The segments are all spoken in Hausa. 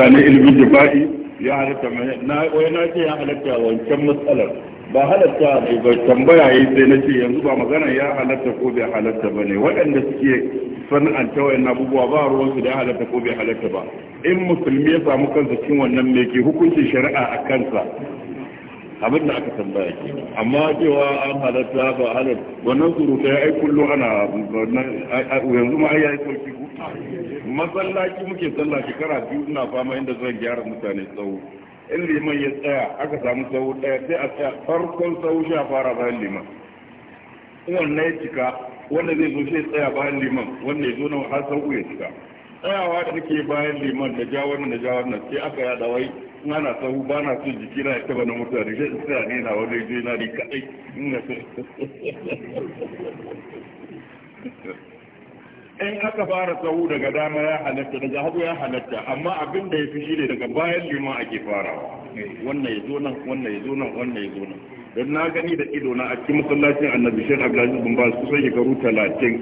mutane ilimin jifa'i ya halatta na wai na ce ya halatta wancan matsalar ba halatta ne ba tambaya yi sai na ce yanzu ba magana ya halatta ko bai halatta ba ne waɗanda suke sana'anta abubuwa ba ruwansu da ya halatta ko bai halatta ba in musulmi ya samu kansa cikin wannan mai ke hukuncin shari'a a kansa abin da aka tambaya ke amma cewa an halatta ba halatta wannan surutai ai kullum ana yanzu ma ai ya yi sauki masallaci muke sallah shekara biyu ina fama inda zan gyara mutane tsawo in liman ya tsaya aka samu tsawo ɗaya sai a tsaya farkon tsawo shi a fara bayan liman wannan ya cika wanda zai zo sai tsaya bayan liman wanda ya zo na har tsawo ya cika tsayawa da nake bayan liman da jawar na da ja wannan sai aka yada wai ina na tsawo ba na son jiki na ya taba na mutane sai tsaya ne na wani zai na ni kaɗai in aka fara sahu daga dama ya halatta daga hagu ya halatta amma abin da ya fi shi ne daga bayan lima ake farawa wannan ya zo nan wannan ya zo nan wannan ya zo nan don na gani da ido na a cikin masallacin annabi shek abdulaziz bin baz kusan shekaru talatin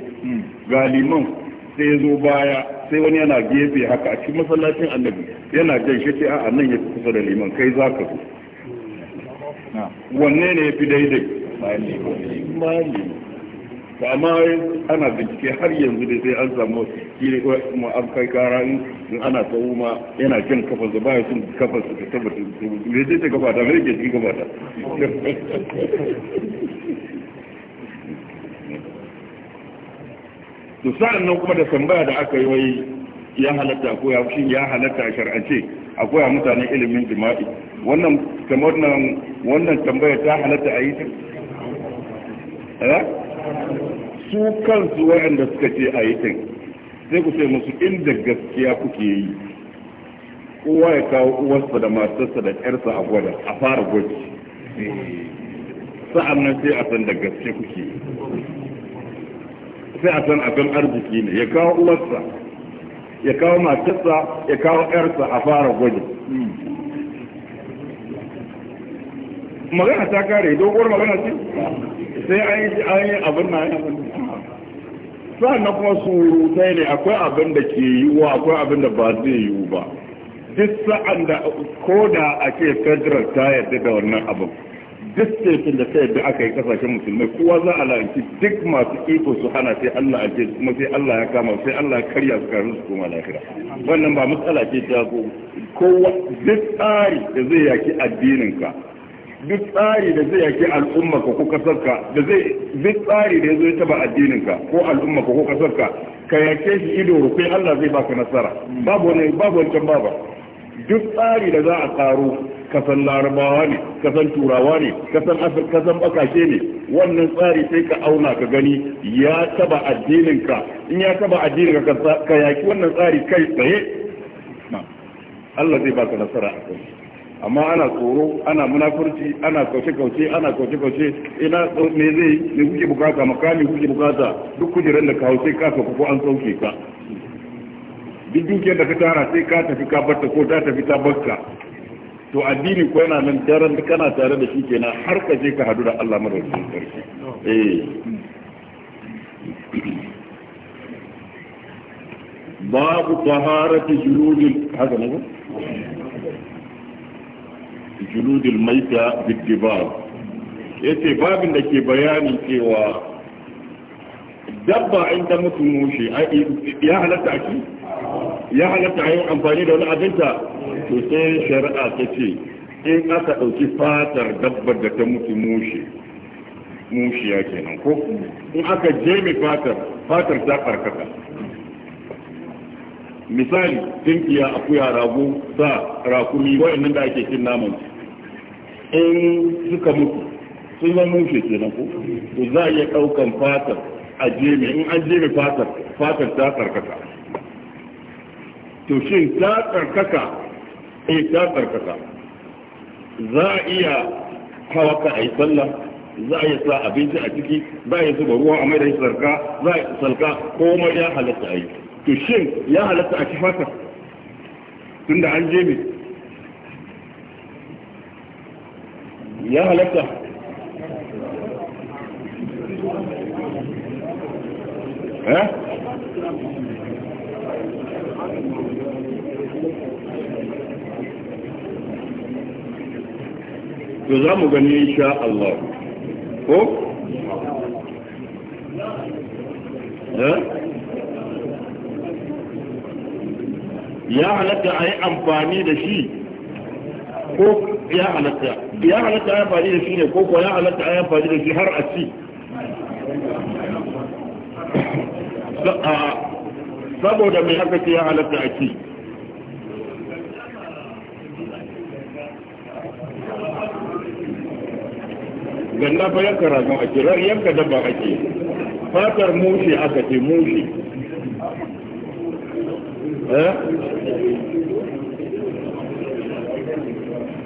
galiman sai ya zo baya sai wani yana gefe haka a cikin masallacin annabi yana jan shi ce a nan ya fi kusa da liman kai za ka zo wanne ne ya fi daidai bayan liman to amma ana bincike har yanzu da sai an samu kiri kuma an kai kara in ana tsawo ma yana kin kafar da baya sun kafar su ta tabbata me zai ta kafa ta me ke cikin kafa ta to sa'an nan kuma da tambaya da aka yi wai ya halatta ko ya shi ya halatta a shar'ance akwai a mutane ilimin jima'i wannan kamar nan wannan tambaya ta halatta a yi ta eh su kansu waɗanda suka ce a yi ɗin sai ku ce musu inda gaskiya kuke yi kowa ya kawo uwarsa da matarsa da ƴarsa a gwada a fara gwaji sa'an nan sai a san da gaske kuke sai a san abin arziki ne ya kawo uwarsa ya kawo matarsa ya kawo ƴarsa a fara gwaji magana ta kare doguwar magana ce sai an yi abin na yi. abin sa'annan kuma surutai ne akwai abin da ke wa akwai abin da ba zai yiwu ba duk sa'an da ko da ake federal ta yadda da wannan abin duk saitin da ta yarda aka yi kasashen musulmai kowa za a la'anci duk masu iko su hana sai Allah ake kuma sai Allah ya kama sai Allah ya karya su karin su kuma lafiya wannan ba matsala ce ta kowa duk tsari da zai yaki addinin ka duk tsari da zai yake al'umma ka ko kasarka da zai duk tsari da zai taba addinin ka ko al'umma ka ko kasarka ka yake shi ido rufe Allah zai baka nasara babu ne babu wancan baba duk tsari da za a tsaro kasan larabawa ne kasan turawa ne kasan afirka kasan bakashe ne wannan tsari sai ka auna ka gani ya taba addinin ka in ya taba addinin ka ka yaki wannan tsari kai tsaye Allah zai baka nasara a kai amma ana tsoro ana munafurci ana kauce-kauce ana kauce-kauce ina ne zai ne kuke bukata makami kuke bukata duk kujerar da kawo sai ka kuku ko an sauke ka duk dukiyar da ka tara sai ka tafi ka barta ko ta tafi ta barka to addini ko yana nan daren kana tare da shi kenan har ka je ka hadu da Allah madaukakin sarki eh babu taharatu juludil haka ne juludul maita biddibar yace babin da ke bayanin cewa dabba inda mutum mushi ya halatta aki ya halatta yin amfani da wani abinta to sai shari'a ta ce in aka ɗauki fatar dabbar da ta mutu mushi mushiya kenan ko in aka jeme fatar fatar ta karkata misali tinkiya akuya rago sa rakumi wa'annan da ake cin naman in eh, suka mutu sun zan mushe kenan ku to za a iya ɗaukan fatar a jeme in an jeme fatar fatar ta karkata to shin ta karkata eh ta karkata za a iya hawa ka a yi sallah za a iya sa abinci a ciki za a iya zuba ruwa a mai da shi sarka za a salka komai ya halatta a yi to shin ya halatta a ci fatar tunda an jeme ya halatta eh to za mu gani Allah ko eh? ya halatta a yi amfani da shi ko ya halatta ya halatta ya fadi da shi ne ko ko ya halatta ya fadi da shi har a ci saboda mai haka ce ya halatta a ci fa yanka rar yanka dabba fatar mushi aka ce mushi eh?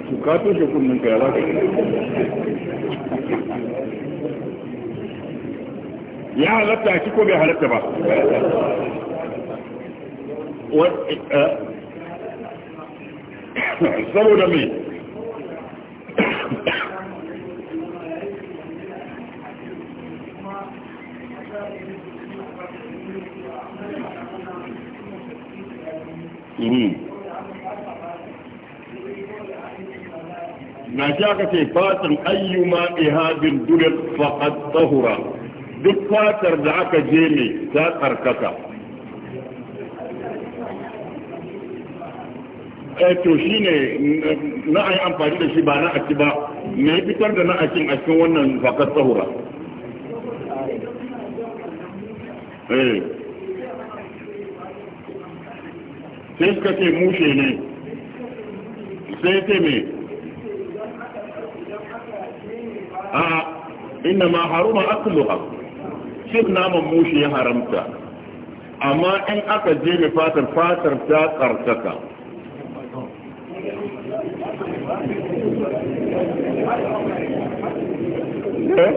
su ka toshe kunnen ka ya za ka ya halatta a ko bai halatta ba saboda mai Mm-hmm. na shi aka ce fatan ayyuma ihabin dulat faqad tahura duk fatar da aka je ne ta tsarkaka eh to shine na ai amfani da shi ba na aki ba me fitar da na akin a cikin wannan faqad tahura eh sai suka ce mushe ne sai ce me a inna ma haruma akluha shin naman mushi ya haramta amma in aka je fatar fatar ta tsarkaka eh?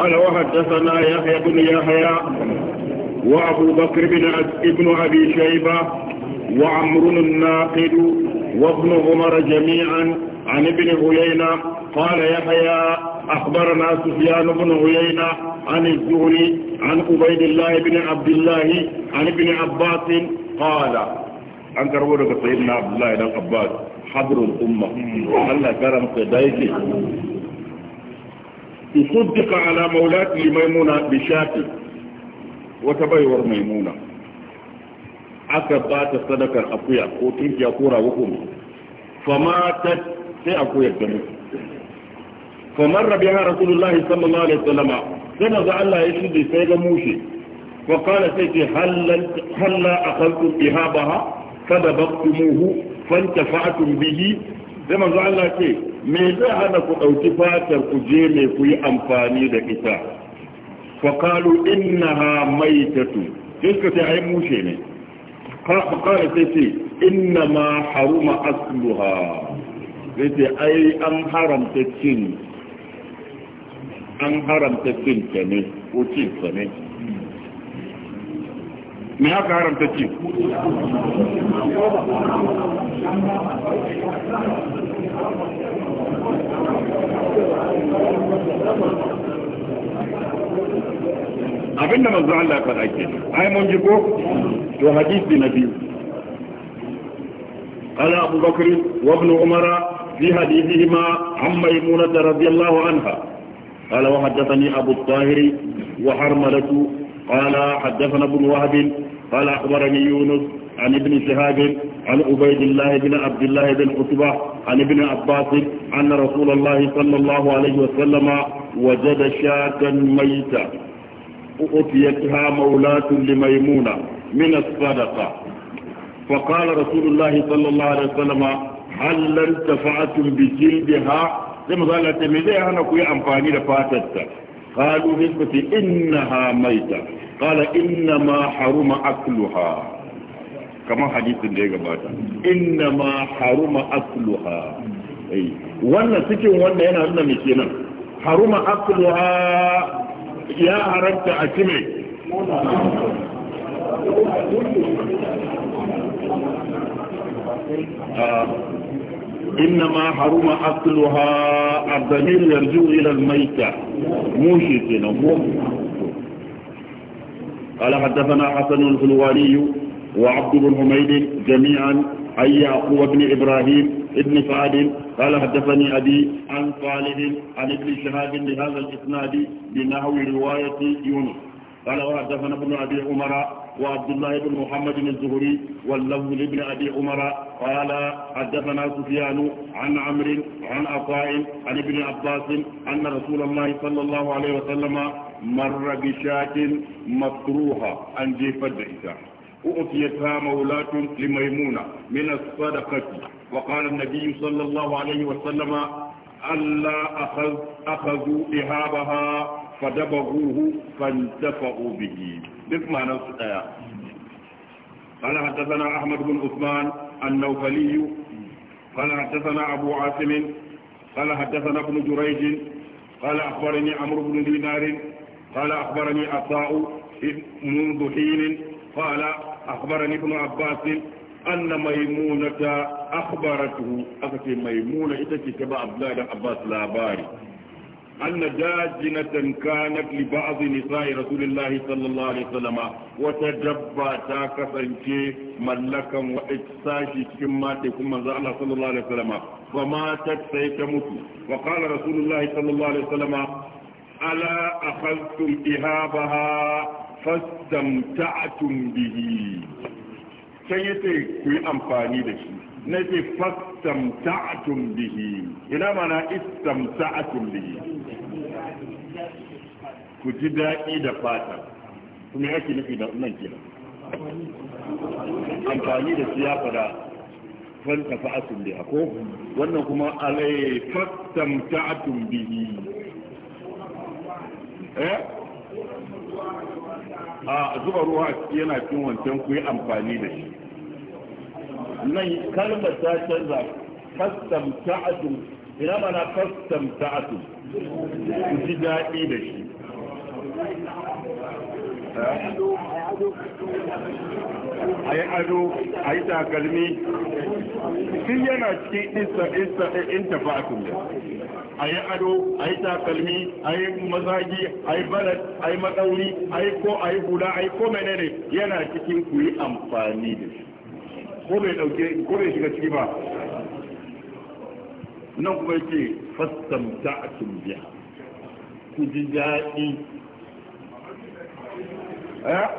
قال وحدثنا يحيى بن يحيى وأبو بكر بن ابن أبي شيبة وعمر الناقد وابن عمر جميعا عن ابن هيينة قال يحيى أخبرنا سفيان بن هيينة عن الزهري عن عبيد الله بن عبد الله عن ابن عباس قال عن كربونة سيدنا عبد الله بن عباس حبر الأمة الله كرم قدايته يصدق على مولاة لميمونة بشاكل wata baiwar maimuna aka ba ta sadakar akuya ko tunkiya ko rago ko fama ta sai akuyar ta mutu famar rabi ha rasulullahi sallallahu alaihi wasallama sai manzo Allah ya shige sai ga mushe fa qala sai ce halal halla akhaltu ihabaha fadabaqtumuhu fantafa'tum bihi sai manzo Allah ce me zai hana ku dauki fatar ku je me ku yi amfani da ita fa qalu innaha maytatu sai suka ce ai mushe ne qala sai ce inna ma haruma asluha sai ce ai an haramta cin an haramta cin ta ne ko cin ta ne me aka haramta cin. Thank you. abinda manzo Allah ya faɗa ke ai mun ji ko to hadisi na biyu قال أبو بكر وابن عمر في حديثهما عن ميمونة رضي الله عنها قال وحدثني أبو الطاهر وحرملة قال حدثنا ابن وهب قال أخبرني يونس عن ابن شهاب عن عبيد الله بن عبد الله بن عتبة عن ابن عباس أن رسول الله صلى الله عليه وسلم وجد شاة ميتة أتيتها مولاة لميمونة من الصدقة فقال رسول الله صلى الله عليه وسلم هل انتفعتم بجلدها لما قالت أنا كوي أنفاني لفاتتك قالوا نسبة إنها ميتة قال إنما حرم أكلها kamar hadisin da ya gabata inna ma haruma asluha eh wannan cikin wanda yana nuna me kenan haruma asluha ya haramta a cime إنما حرم أكلها الضمير يرجو إلى الميتة موشي كنا قال حدثنا حسن الحلواني وعبد بن حميد جميعا عن يعقوب بن إبراهيم ابن سعد قال حدثني أبي عن صالح عن ابن شهاب بهذا الإسناد بنحو رواية يونس قال وحدثنا ابن أبي عمر وعبد الله بن محمد الزهري واللفظ لابن أبي عمر قال حدثنا سفيان عن عمرو عن عطاء عن ابن عباس أن رسول الله صلى الله عليه وسلم مر بشاة مكروهة عن جيف الدعسة أعطيت مولاة لميمونة من الصدقة وقال النبي صلى الله عليه وسلم ألا أخذ أخذوا إهابها فدبغوه فانتفعوا به بسم نفس الآية قال حدثنا أحمد بن عثمان النوفلي قال حدثنا أبو عاصم قال حدثنا ابن جريج قال أخبرني عمرو بن دينار قال أخبرني عطاء منذ حين قال أخبرني ابن عباس أن ميمونة أخبرته أخي ميمونة إتكي تبع عبد الله عباس لاباري أن داجنة كانت لبعض نساء رسول الله صلى الله عليه وسلم وتدبى تاكسا شيء ملكا وإكساشي كما تكون الله صلى الله عليه وسلم فماتت سيتموت وقال رسول الله صلى الله عليه وسلم ألا أخذتم إهابها fastamta'tum bihi sai yace ku yi amfani da shi nace fastamta'tum bihi ina mana istamta'tum bihi ku ji daɗi da fata kuma yake nufi da nan kira amfani da shi siyasa da falsafa asun biha ko wannan kuma alai fastamta'tum bihi eh a zuba ruwa a ciki yana cin wancan ku yi amfani da shi nan kalmar ta canza kastam ta'atun ina mana kastam ta'atun ku ji daɗi da shi a yi ado a yi takalmi shi yana cikin isa isa eh, in ba a kunda a yi ado a yi takalmi a yi mazagi a yi balad a yi matsauri a yi ko a yi hula a yi ko menene yana cikin ku yi amfani da shi ko bai dauke ko bai shiga ciki ba nan kuma yake fastamta a tumbiya ku ji daɗi eh?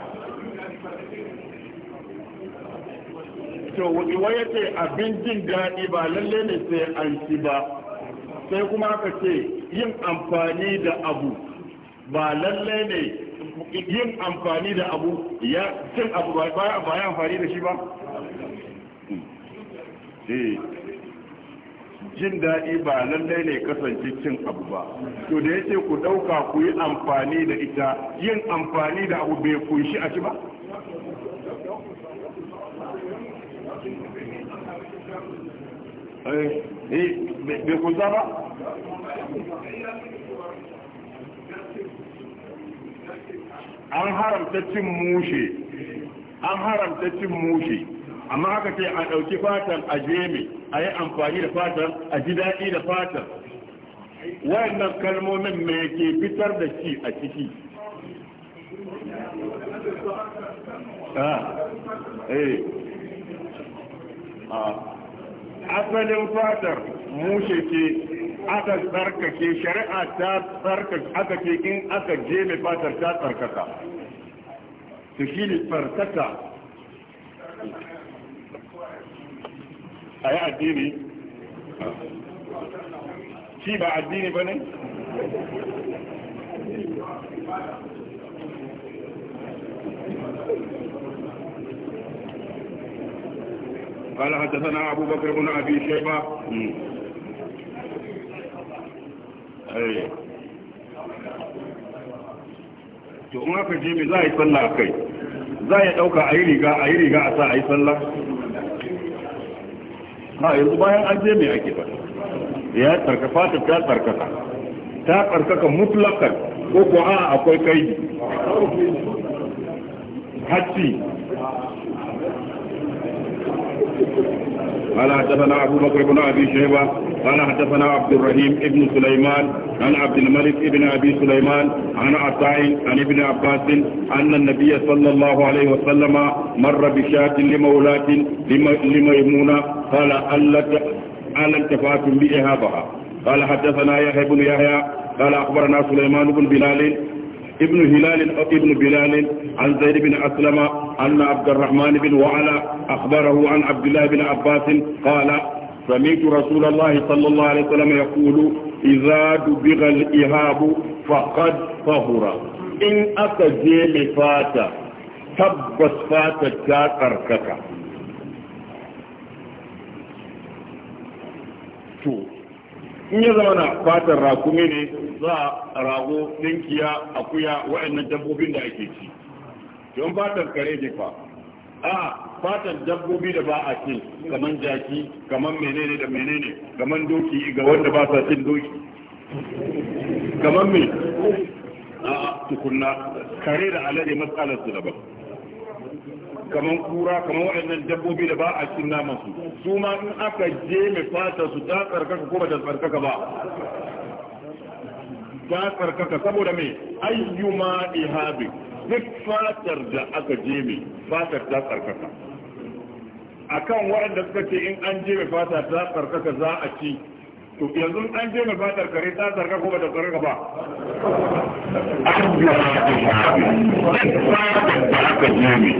to wa ce abin jin daɗi ba lalle ne sai an ci ba sai kuma aka ce yin amfani da abu ba lalle ne yin amfani da abu ya cin abu ba ya amfani da shi ba eh, jin daɗi ba lallai ne kasance cin abu ba to da yake ku ɗauka ku yi amfani da ita yin amfani da abu bai kunshi a ci ba Eh, eh, an haramta cin mushe an amma haka ce a ɗauki fatan a jeme a yi amfani da fatan a ji daɗi da fatan wayannan kalmomin mai ke fitar da shi a ciki a ah, eh. ah. asalin fatar mushe ce aka tsarkake shari'a ta tsarkake aka ce in aka jebe fatar ta tsarkaka su shi ne tsarkaka a yi addini shi ba addini ba ne قال حدثنا أبو بكر بن أبي شيبة أي تقوم أكا جيبي لا يصلى أكي za ya ɗauka a yi riga a yi riga a sa a yi sallah ha yanzu bayan an je mai ake ba ya tsarkafa ta ta tsarkaka ta tsarkaka mutlakan ko ko a akwai kaidi hacci قال حدثنا أبو بكر بن أبي شيبة قال حدثنا عبد الرحيم ابن سليمان عن عبد الملك ابن أبي سليمان عن عطاء عن ابن عباس أن النبي صلى الله عليه وسلم مر بشاة لمولاة لميمونة قال ألا التفاتم بإهابها قال حدثنا يحيى بن يحيى قال أخبرنا سليمان بن بلال ابن هلال أو ابن بلال عن زيد بن أسلم أن عبد الرحمن بن وعلى أخبره عن عبد الله بن عباس قال سمعت رسول الله صلى الله عليه وسلم يقول إذا دبغ الإهاب فقد طهر إن أكجيل فاتا تبس فاتا تاكركك in ya zama na fatar rakumi ne za a rago ɗinkiya akuya waɗannan dabbobin da ake ci don fatar kare ne fa a fatar dabbobi da ba a cin kamar jaki kamar menene da menene kamar doki ga wanda ba sa cin doki kamar me a tukunna kare da alade matsalar su daban kaman kura kaman waɗannan dabbobi da ba a cin naman su su ma in aka je mai fata su ta tsarkaka ko ba ta tsarkaka ba ta tsarkaka saboda me ayyuma ihabi duk fatar da aka je mai fatar ta tsarkaka akan waɗanda suka ce in an je mai fata ta tsarkaka za a ci to yanzu an je mai fatar kare ta zarga ko ba ta zarga ba an yi da aka je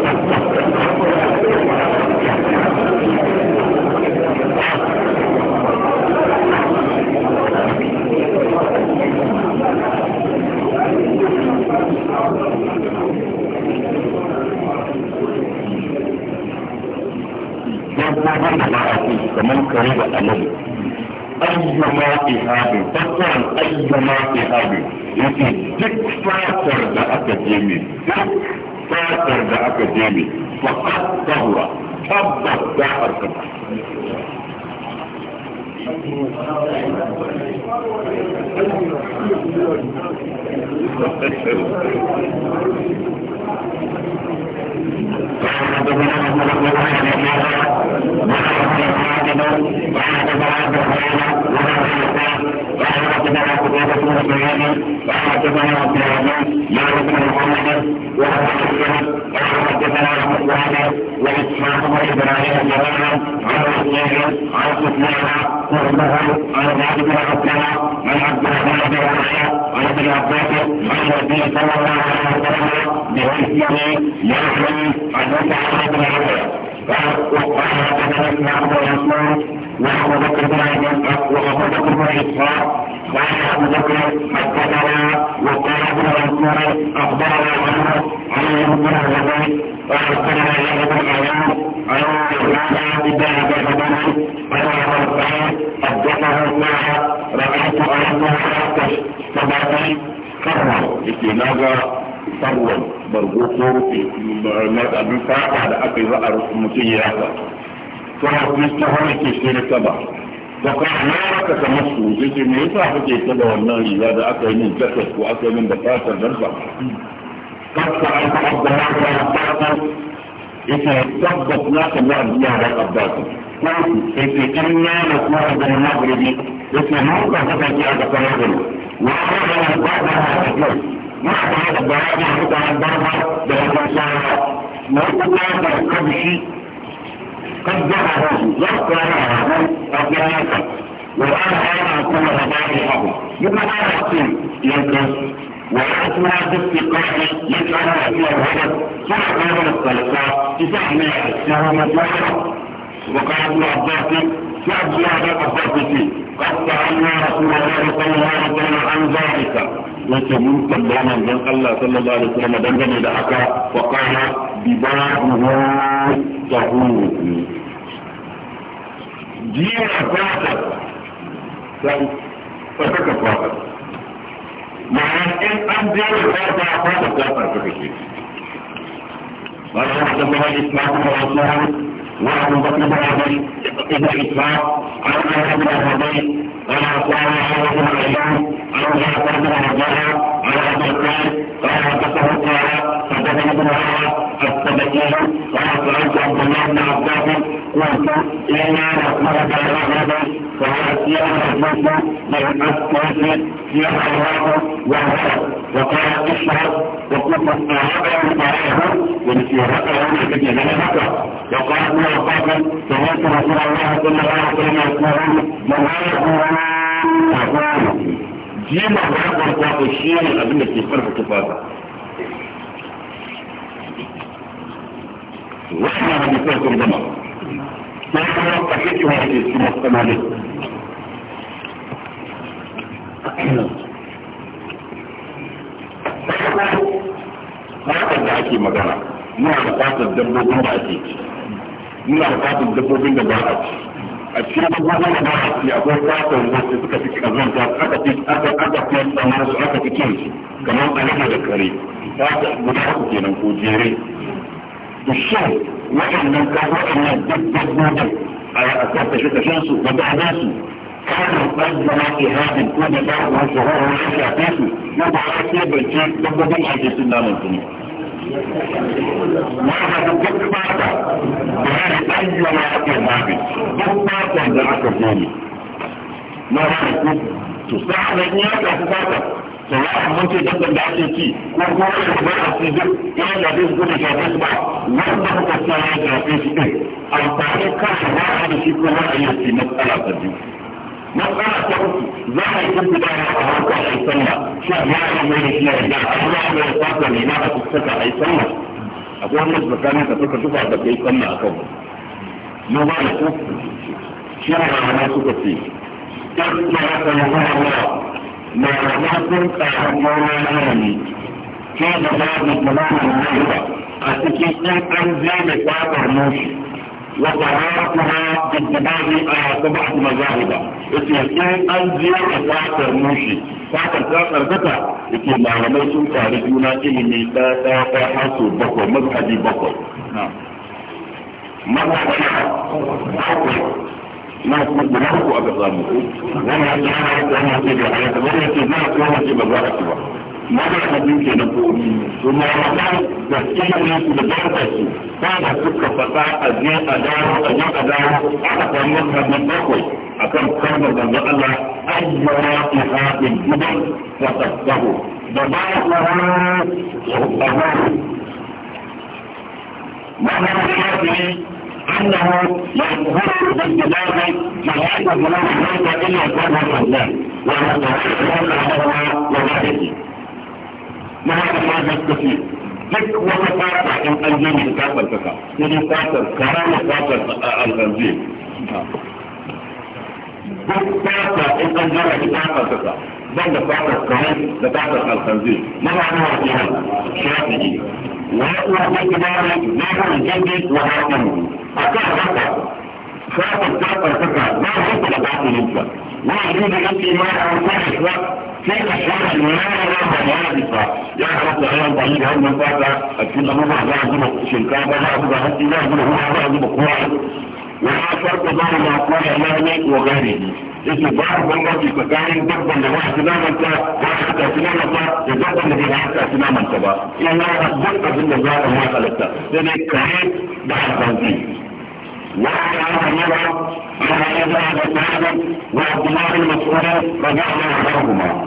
kalmomin da larabci kamar kare da alamu ayyama ihabi fassaran ayyama ihabi yake duk fatar da aka je ne duk fatar da aka je ne fakat tahura tabbas da arkata Thank you. وإسحاق وإبراهيم جميعا عن إسماعيل عن إسماعيل وله عن ابي بن عباس عن عبد الرحمن بن عائشه عن ابن عباس عن النبي صلى الله عليه وسلم بمثله يحمل عن مسعود بن عمر وقال حدثنا عبد الرحمن وابو بكر بن وابو بكر بن اسحاق قال ابو بكر حدثنا وقال ابن منصور اخبرنا عمرو عن ابن عباس وحدثنا يحيى بن عياض farwal bargo ko rufe abin fata da aka yi za a mutum ya yasa to a kristo hana ke shirin ta ba da kuma na ka ta masu zai ce yasa kake ta da wannan riga da aka yi min jakas ko aka yi min da fatar nan ba kasta an ta abdallah ta yake tabbas na kalli abdullahi dan abbas yake in na na kuma da magribi yake mun ka haka ki aka fara da wa ana ba da haka ma da da ba da haka da ba da haka sa na kuma da kabshi قد ذهب يبقى لها أبياتك وأنا أنا أكون ربائحه يبقى أنا أقول يمكن والحكمة بالثقافة يجعلها فيها الهدف صنع هذا الطلقاء تسعنا سهم الظهر وقال ابن عباس شعب الله بن قد سألنا رسول الله صلى الله عليه وسلم عن ذلك وتمنك بنا من الله صلى الله عليه وسلم دندن إلى حكا وقال ببعضه تهور دين فاتك فتك فاتك معناه ان انزل فرض فرض كفر كفر قال حدثنا اسماعيل بن عثمان وابو بكر بن ابي ابن اسحاق عن ابي بن ابي قال اخبرنا عمرو بن عياض عن جعفر بن عبد عن عبد الرحمن قال حدثه قال حدثني ابن عمر السبكي قال عبد الله بن عباس قلت إن أخبرك الرغبة فهو سياق الحديث للأسكت سياق الرغبة والهدف وقال اشهد وكنت أصحابه وقرأه ومسيرته ومسيرته لنفسه وقال ابن عباس سمعت رسول الله صلى الله عليه وسلم يقول من ba ta wani kwankwaso shi ne abin da ke farfa tufafa wannan hadisai sun gama sai kuma kashe kiwa ke su masu kamalai harkar da ake magana muna bukatar dabbobin da ake ci muna bukatar dabbobin da ba a ci a cikin abubuwan da ya akwai fatan wasu suka fi kazanta aka fi aka aka fi tsamar su aka fi cin su kamar alaka da kare fata guda uku kenan ko jere to shin waɗannan kafa waɗannan dabbobin a kasa shi kashin su da ba su كانوا قد إرادة كل بعض وشهور وشهور وشهور وشهور وشهور وشهور وشهور وشهور وشهور ma'ana da duk fata da ya yi ayyana ake mafi duk fatan da aka gani na wani ku to sa'adar ya tafi fata to ya da kan da ake ci ko kuma da ba a ci duk ya da duk gudu ya tafi ba wanda kuka sa ya tafi shi din amfani kan ba a da shi kuma a yi matsala ta biyu مسألة تقول زي كنت بقى أهوك الحيثمة شاب يعني من الشيء ده الله من الفاتة اللي ناقة السكة الحيثمة أقول لك بكامل تفكر شوف عدد كي يسمى أكبر ما بقى نشوف شاب أنا سكة فيه تبقى لك الله الله ما رضاكم أهمنا أمني كيف بعد مطلعنا من الهدى أتكي أن أنزل بكاتر موشي وقرارتها باتباع سبعة مذاهب اتيكين انزل وساتر موشي ساتر ساتر بتا اتي معلمي سن خارجونا إلمي تاتا تحاسو بكر مذهبي بكر مذهب بكر ما يكون بنفسه أبدا وما يجعل وما يجعل وما يجعل وما يجعل وما يجعل ماذا حديث نقول ثم رمضان تسكين الناس ببركته فهذا سكة فتاة أجي أداره أجي أداره أعطى مذهب من بقوي أكم كرم بن الله أي رائحة الجبل فتفته ببركها أبوه معنى الشافعي أنه يظهر بالجلال جلال جلال ليس إلا كرم الله وهو يظهر على وجهه na haka ma gaskaci duk wata fata in an yi ta tsarkaka sai fatar karama fatar alhanzi duk fata in an jira ta tsarkaka ban da fatar kawai da fatar alhanzi na hana wa jihar shafi'i wa ya uwa ta kibara na hana jirgin wa hakan a kan haka samun ta farfaka ba a yi da ba yi ba wa abin da yake ma da an kwashi ba sai ka shara da yana da ba ya yi ba ya halatta a yan bayi da hannun fata a cikin abubuwa za a zuba shinkafa za a zuba hatsi za a zuba ruwa za a zuba kowa wa ya farko ba ma kowa ya ne wa gane yake ba a bambanci tsakanin dabban da ba a tunamanta ba a haka tunamanta da dabban da ba a haka tunamanta ba ina duk abin da za a yi halatta sai dai kare da alfanti وعن عمر مضى عن ابا بن سعد وعبد الله بن مسعود رضي الله عنهما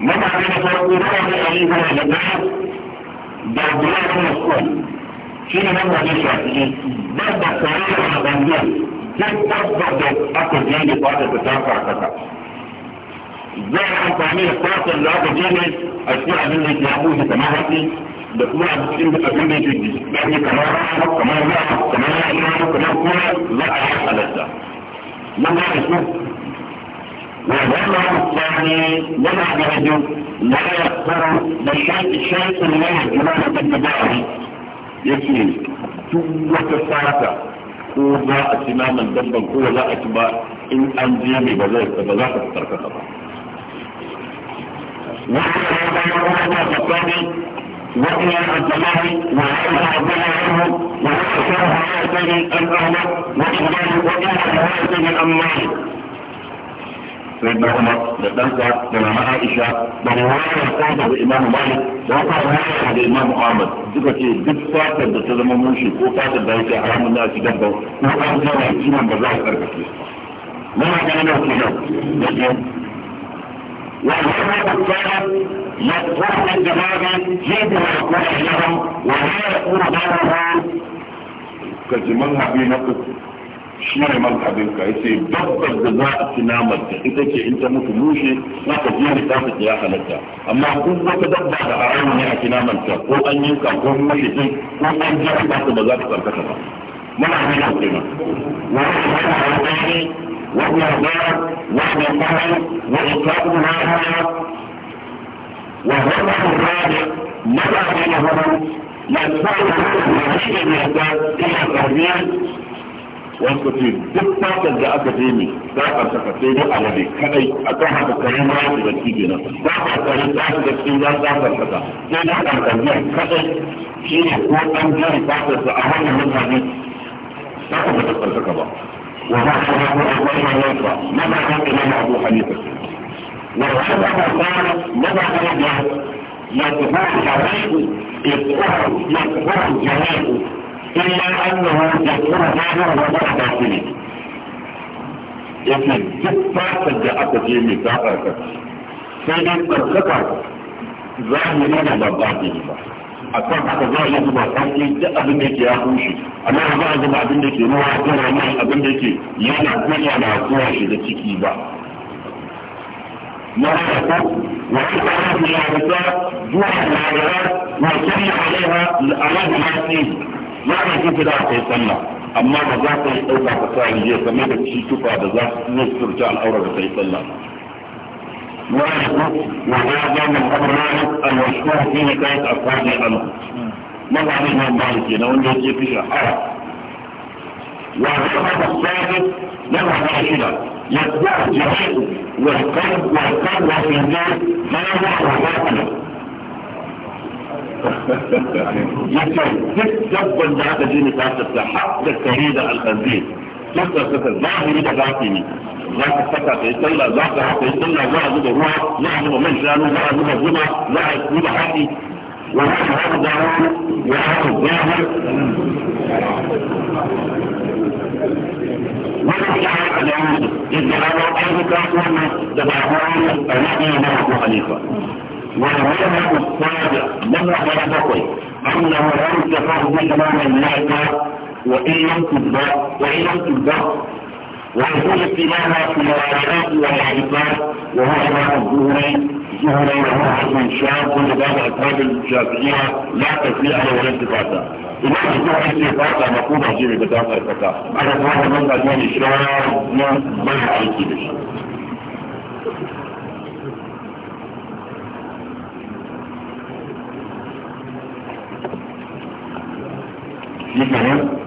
مضى بين فرقنا بأبي بن سعد بعبد الله بن مسعود شنو مضى بالشافعي بدأ الصغير على بنزين تتبدأ أكل جيد فاتت تتابع تتابع زي الأمطانية الثلاثة اللي أكل جيد أشياء من اللي يتلعبوه تماما da kuma abin da abin da yake da ne kamar kamar za kamar za kamar kuma za a yi halatta mun ga su wa dalla tsani yana da rajin la yakfar da shaki shaki ne ya jira da tabbari yake duk wata fata ko za a ci naman dabban ko za a ci ba in an je mai ba zai ba za ka karkata ba wannan ya ba ya ba ta tsani وهي عبد الله وعلى عنه وعلى هاتين الأهل وإمام وإلى هاتين الأمر سيدنا عمر لدنسى لما عائشة برواية قوضة بإمام مالك وقع رواية بإمام محمد ذكا شيء دك فاتر بتزم موشي كو حرام الناس جدو وقع رواية بإمام بزاق أركتي لما كان نوكي نوكي kuma واصحاب ya kuma الجماعه يدعو الكهف لهم ولا يكون بعدهم كالمذهب نقص shi ne man mazhabin ka yace babbar da za a ci namar ta ita ce in ta mutu mushe za ka je ne ta fice ya halatta amma duk wata dabba da haramu ne a ci namar ta ko an yanka ko mushe din ko an ji ba ta ba za ta tsarkaka ba mana muna hanyar kenan wani ne hanyar hanyar وهي الغرب وهي الغرب وإطلاق مهارة وهنا الرابع مدى بينهم يدفعون هذه الهيئة المهدات إلى الغربين وانتطين دفتا تلقى أكاديمي داقا سكتيني على دي كدي أتوها بكريم رأي في بكيجينا داقا كريم رأي في بكيجينا داقا سكتا دينا كان تلقى كدي شيء يقول أنجاري داقا سأهل من هذه داقا بكتا سكتا وهكذا هو أبوهما ينفع ماذا قال كان أبو حنيفة وهكذا قال ماذا كان يتبع حرائه يتبع يتبع جماعه إلا أنه يتبع ظاهر وضع باطنه يعني جدا تجاءت في ميثاقك سيدي تركتك ظاهرنا وباطنه a kan haka za a yi zuba sauƙi duk abin da yake ya bushe amma ba za a zuba abin da ke ruwa ko ramai abin da yake yana kunya da zuwa shi da ciki ba na haka wa ita rafi ya rasa zuwa da ya lalata wa sanya alaiha alaiha lafi ya rafi da aka yi sallah amma ba za ka yi ɗauka ka sa rijiya kamar da shi tufa da za su yi surta al'aura da ta yi sallah واجب وهذا من أمران المشهور في حكاية أفراد الأمر ما بعد الإمام مالك هنا وإنه يجب في شرحات وهذا الثالث لما ماشية يتبع الجميع والقلب والقلب في ما هو وباطنه يمكن تتجبن بعد دين تاسف حتى الكريدة الخنزير kasar kasar za a yi da zafi ne za ka saka kai sallah za ka kai sallah za a zuba ruwa za a zuba man shanu za a zuba zuba za a zuba haɗi wa haka zahar wa haka zahar wannan ya haka da yanzu yadda ana ayyuka wannan da ba a ra'ayi na Abu Hanifa والعلماء السابع من أخبر بقي أنه لم تفهم إمام الناس وإن لم تبدأ وإن لم تبدأ ويكون اتباعها في المراجعات والعرفات وهو ما الظهري ظهري وهو عظم شاب كل بعض أسباب الشافعية لا تسيء له ولا انتفاعها إذا في انتفاعها مفهوم عجيب بدافع الفتاة على هذا من أدوان الشارع من بيع عليك بشي Thank you.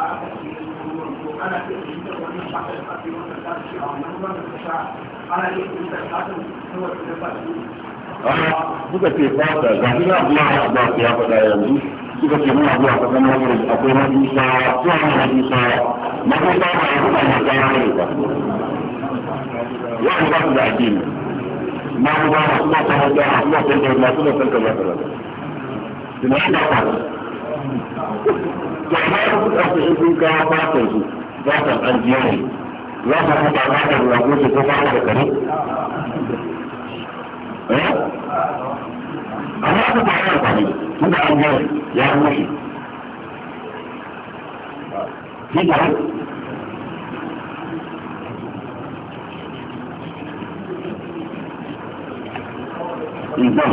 dia Suka ce fata ga suna biya haɗa su ya faɗa yanzu suka ce muna biya ta zama wani akwai na dusa suna na na dusa mafi ta ba a yi kuma mata ya ne ba. Yawon ba su da ake ne. Na ku ba su na ta hajja a kuma tantar na suna tantar na tsara. Suna shi ba ta. da ya fi ƙarfi in sun kawo fatan su fatan an jiya ne za ka haɗa fatan rago su ko da kare eh? amma aka ba ya amfani da an jiya ya fi shi da Idan,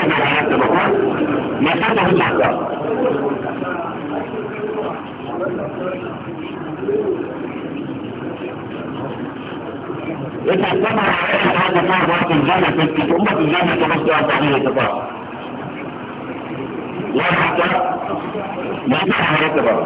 ما فاته الأحزاب إذا كما عليها هذا صاحب وقت الجنة تسكت أمة الجنة بس أربعة من اتفاق لا حتى ما يفتح على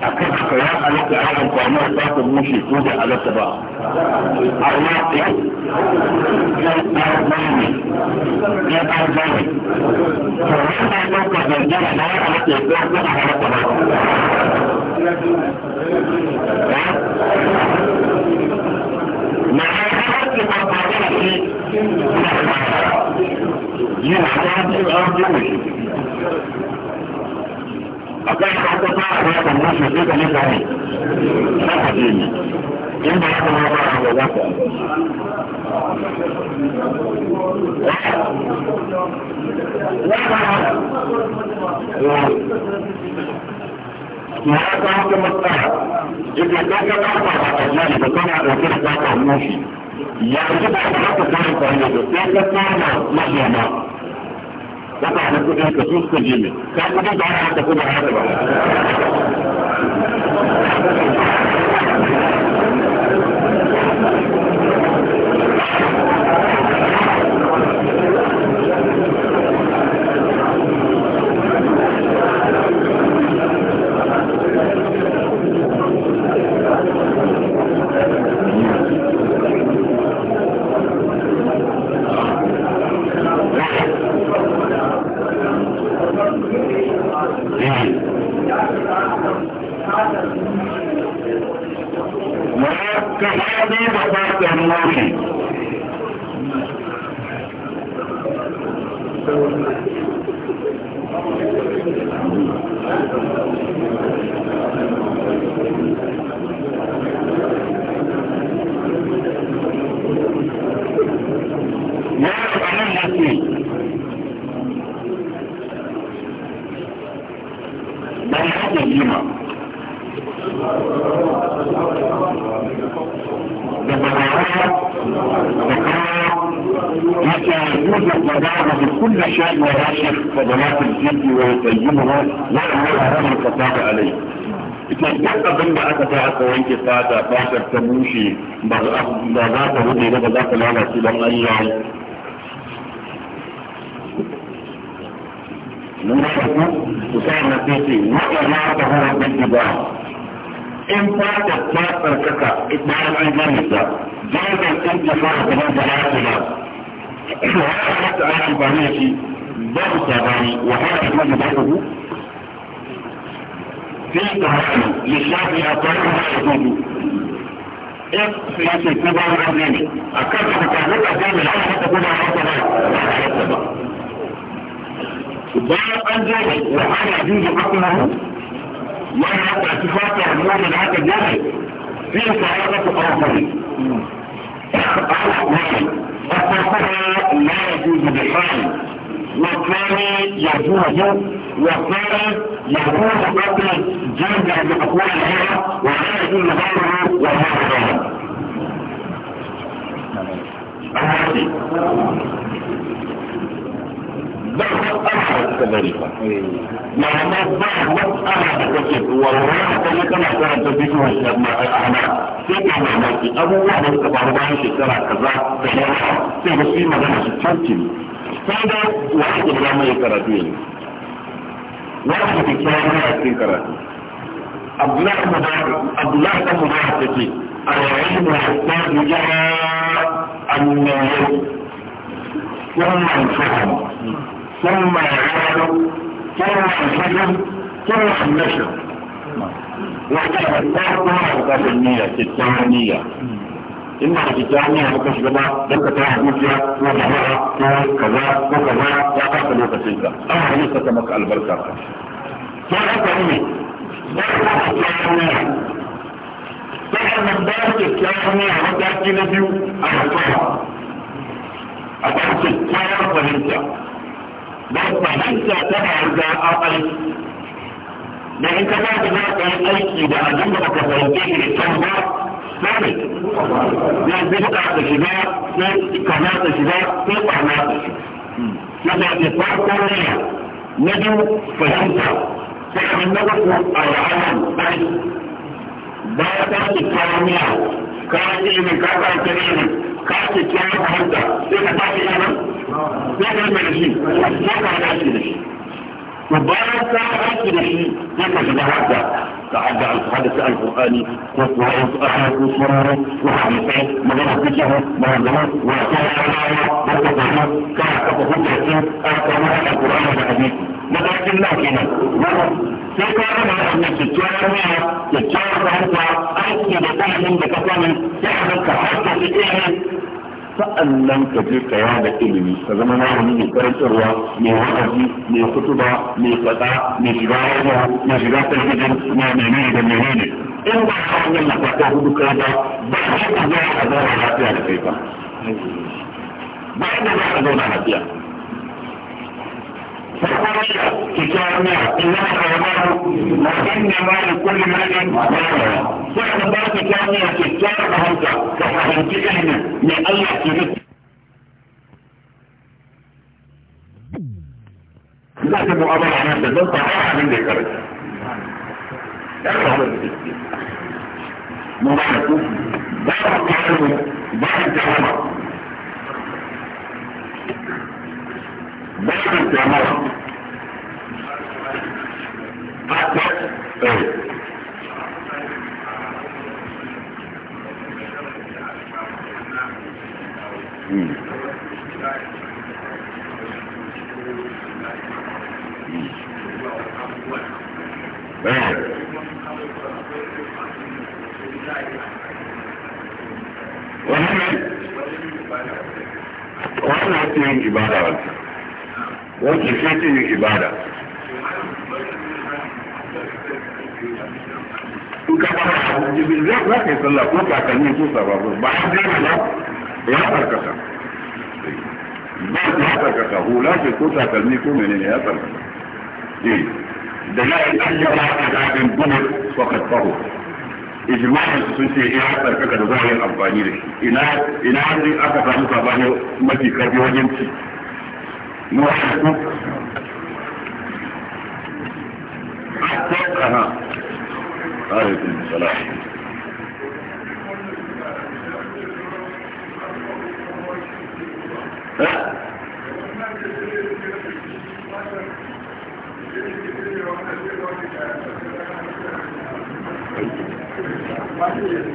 a kan haka ya halatta a yakan kwamar ta ta bushe ko da halatta ba a wata ya ɗarzani ya ɗarzani to wanda ya ɗauka zanjana na ya halatta ya ɗauka ko a halatta ba na ya halatta a kwamar shi yana da yanzu an yi انا akwai da ta fara da kan nashi sai ka nika ne na haɗe ne in ba ya kama fara da za ka ما كان كما قال إذا كان كما قال يعني كما قال كما قال ماشي يعني كما قال كما قال يعني كما قال ماشي ka na kudin ka que su ne ka kudin da ana haka kuma haka ba ko ba za ta lalace don Allah mun farko ku sa na sai wata na ta hana biki ba in fata ta tsarkaka bayan an gane ta jirgin sun ke fara kuma da lafiya ba har ta ana amfani da shi babu sabani wa har ta kuma da ku في التهرب للشعب أطلعها يقول ايه يا سيدي كوبا وعزيمي اكثر تقول عزيمي العالم حتى كوبا وعزيمي ده انزل وحال عزيز حقنه ما يقع صفات عموما هذا الجهل في سعادة الآخرين التوقف لا يجوز بحال وكان يجوز وكان يجوز قتل جندا بأقوال الهوى ولا يجوز غيره ولا غيره ضغط أحد كذلك معنى ضغط أحد كذلك والله كذلك ما كانت تبيته الأعمال sai ka mamaki abubuwa da suka faru bayan shekara kaza da yawa sai ba su yi magana su canci sai da wani da zama yi karatu yanzu wani da kyawun yana cikin karatu abdullahi mubarak abdullahi dan mubarak yake a yayin da ta duja annabi kuma fahim kuma yaro kuma fahim kuma nashar wata ta kuma da niyya ce ta niyya in ba ki jami'a ba ka shiga ba dan ka tara dukiya ko jama'a ko kaza ko kaza ya ka lokacin ka an hali saka maka albarka sai aka ne ba ka jami'a sai an ba ki jami'a mataki na biyu a rayuwa a ba ki kyawar fahimta don fahimta tana riga an aiki da in ka ba ki za ka yi aiki da abin da baka fahimce shi da kyau ba sai ya bid'a da shiga sai kama da shiga sai kama da shi yana da farko ne na biyu fahimta sai na uku al'amun bai ba ta ki kamiya ka ce ne ka ka ce ne ka ce ki fahimta sai ka ta ki nan sai ka mai shi sai ka ta shi da shi وبارك أكره يتجد هذا تعدى عن الحدث القرآني وصوائد أحد شراره وحمسه مغرب بشه مغرب وصوائد الله وصوائد كما تفهم تحسين أكرمها القرآن والحديث لكن لا كنا سيكون أنا أن تتجارة تتجارة أنت أنت بطلع من بكثام تحدث كحركة إيه sa'an nan ka je ka yada ilimi ka zama malami mai karantarwa mai wa'azi mai kutuba mai fada mai shiga yawa mai shiga talbijin mai menene da menene in ba ka wannan na fata hudu ka ba ba ka zama a zama lafiya da kai ba ba ka zama a zauna lafiya فخرج كتابنا إنما رواه وإنما لكل من رواه فإحنا بقى كتابنا كتاب هذا فهمت إحنا من الله كريم لكن مؤامرة عن هذا الدلتا راح من ذكرت اخرى مبارك بعد التعلم بعد التعلم بعد llamaron wajen yin ibada in ka fara abu jibin za ka yi sallah ko kakanni ko sababu ba a gana ba ya karkasa ba ya karkasa hula ce ko takalmi ko menene ya karkasa da ya yi an yaba a gaɗin dunar fakat faho ijma'in su sun ce ina tsarkaka da za a yi amfani da shi ina ina aka samu sabani mafi karfi wajen ci mu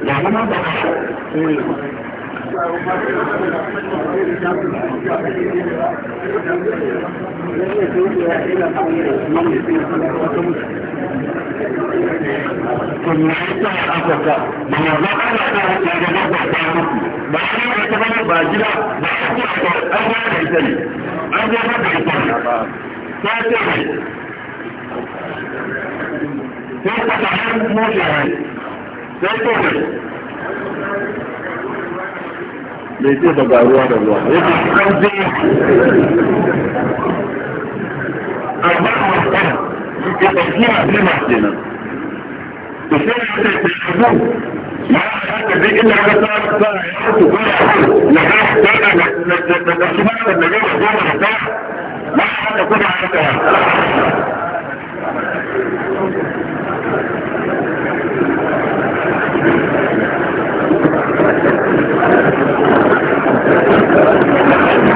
Yeah, I'm not ba gida ba a kusa an yi da ita ne an yi da ita ne ta ce ne ta ta hannun mota ne ta ce ne bai ce ba ga ruwa da ruwa ya ce kan zai amma ya tafiya ne ma kenan to sai ya ce ku shagu ma haka dai ina ga ta ta ya ku ba na ga ta da na na na na shi ma da na ga ba da ta ma haka kuma haka Thank you.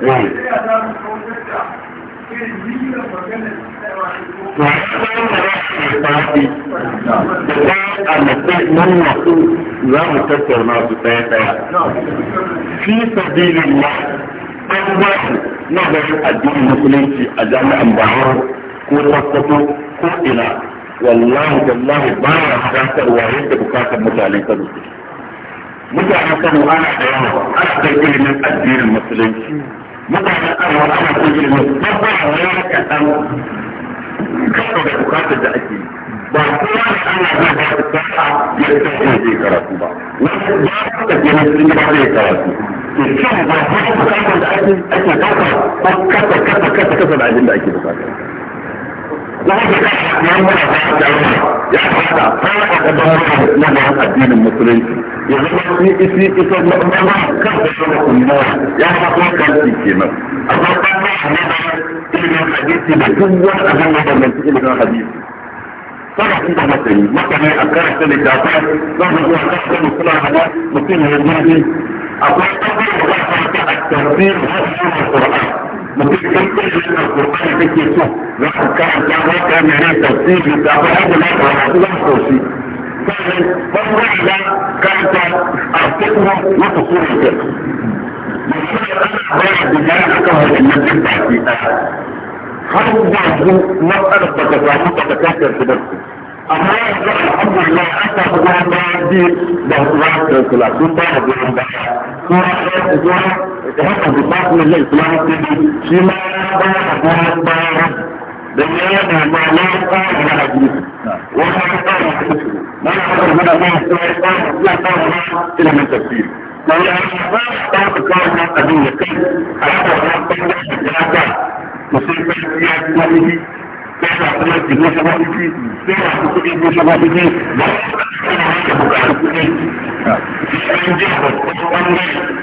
za mu tattauna su ɗaya ɗaya fi sabilin ma an ba su na ganin addinin musulunci a jami'an bahar ko tattato ko ina wallahi wallahi ba ya hadatarwa yadda bukatar mutane kanu suke mutanen kano ana da yawa ana kai ilimin addinin musulunci mutanen arewa ana kai ilimin babbar wani kaɗan kaɗa da bukatar da ake yi ba kowa da ana zai ba su sa'a ya ita kuma zai karatu ba wasu ba su da jini sun yi ba zai karatu to shan ba su bukatar da ake ake ɗauka ba kasa kasa kasa kasa da abin da ake bukata addinin musulunci ya zama su isi isa na umara kan da shi kuma ya zama kanci kenan amma ban ma na da ilimin hadisi da duk wani abin da ban nan ilimin hadisi sana kun da masani masani a karanta littafi za mu zuwa karanta musulun hada mutum ya yi akwai ɗaukar da za a karanta a tafiyar hasirin Qur'an mutum kan kai shi na kurban da kake so za ka karanta ba ka mene tafsiri da ba abu na ka wasu za ka koshi sannan ban ba da karanta a cikin wata sura ke mutum ya ba da biyar a kan wadannan duk baki ɗaya har yanzu matsalar ba ta samu ba ta kasar su ba amma yanzu alhamdulillah an samu goyon baya biyu da wasu za su kula sun ba da goyon baya sun ba da da haka bukatun da islamu kudi shi ma ya ba a goyon bayan da ya yana ma na tsara da hadisi wani ya tsara da hadisi na ya tsara da ma ya tsara da ya tsara da ilimin tafsiri na ya tsara da kawai na abin ya kai a yadda wani ɓangaren da ya ta musulman ya kuma nufi sai da kuma jini sama nufi sai da kuma jini sama nufi da kuma jini sama nufi da kuma jini sama nufi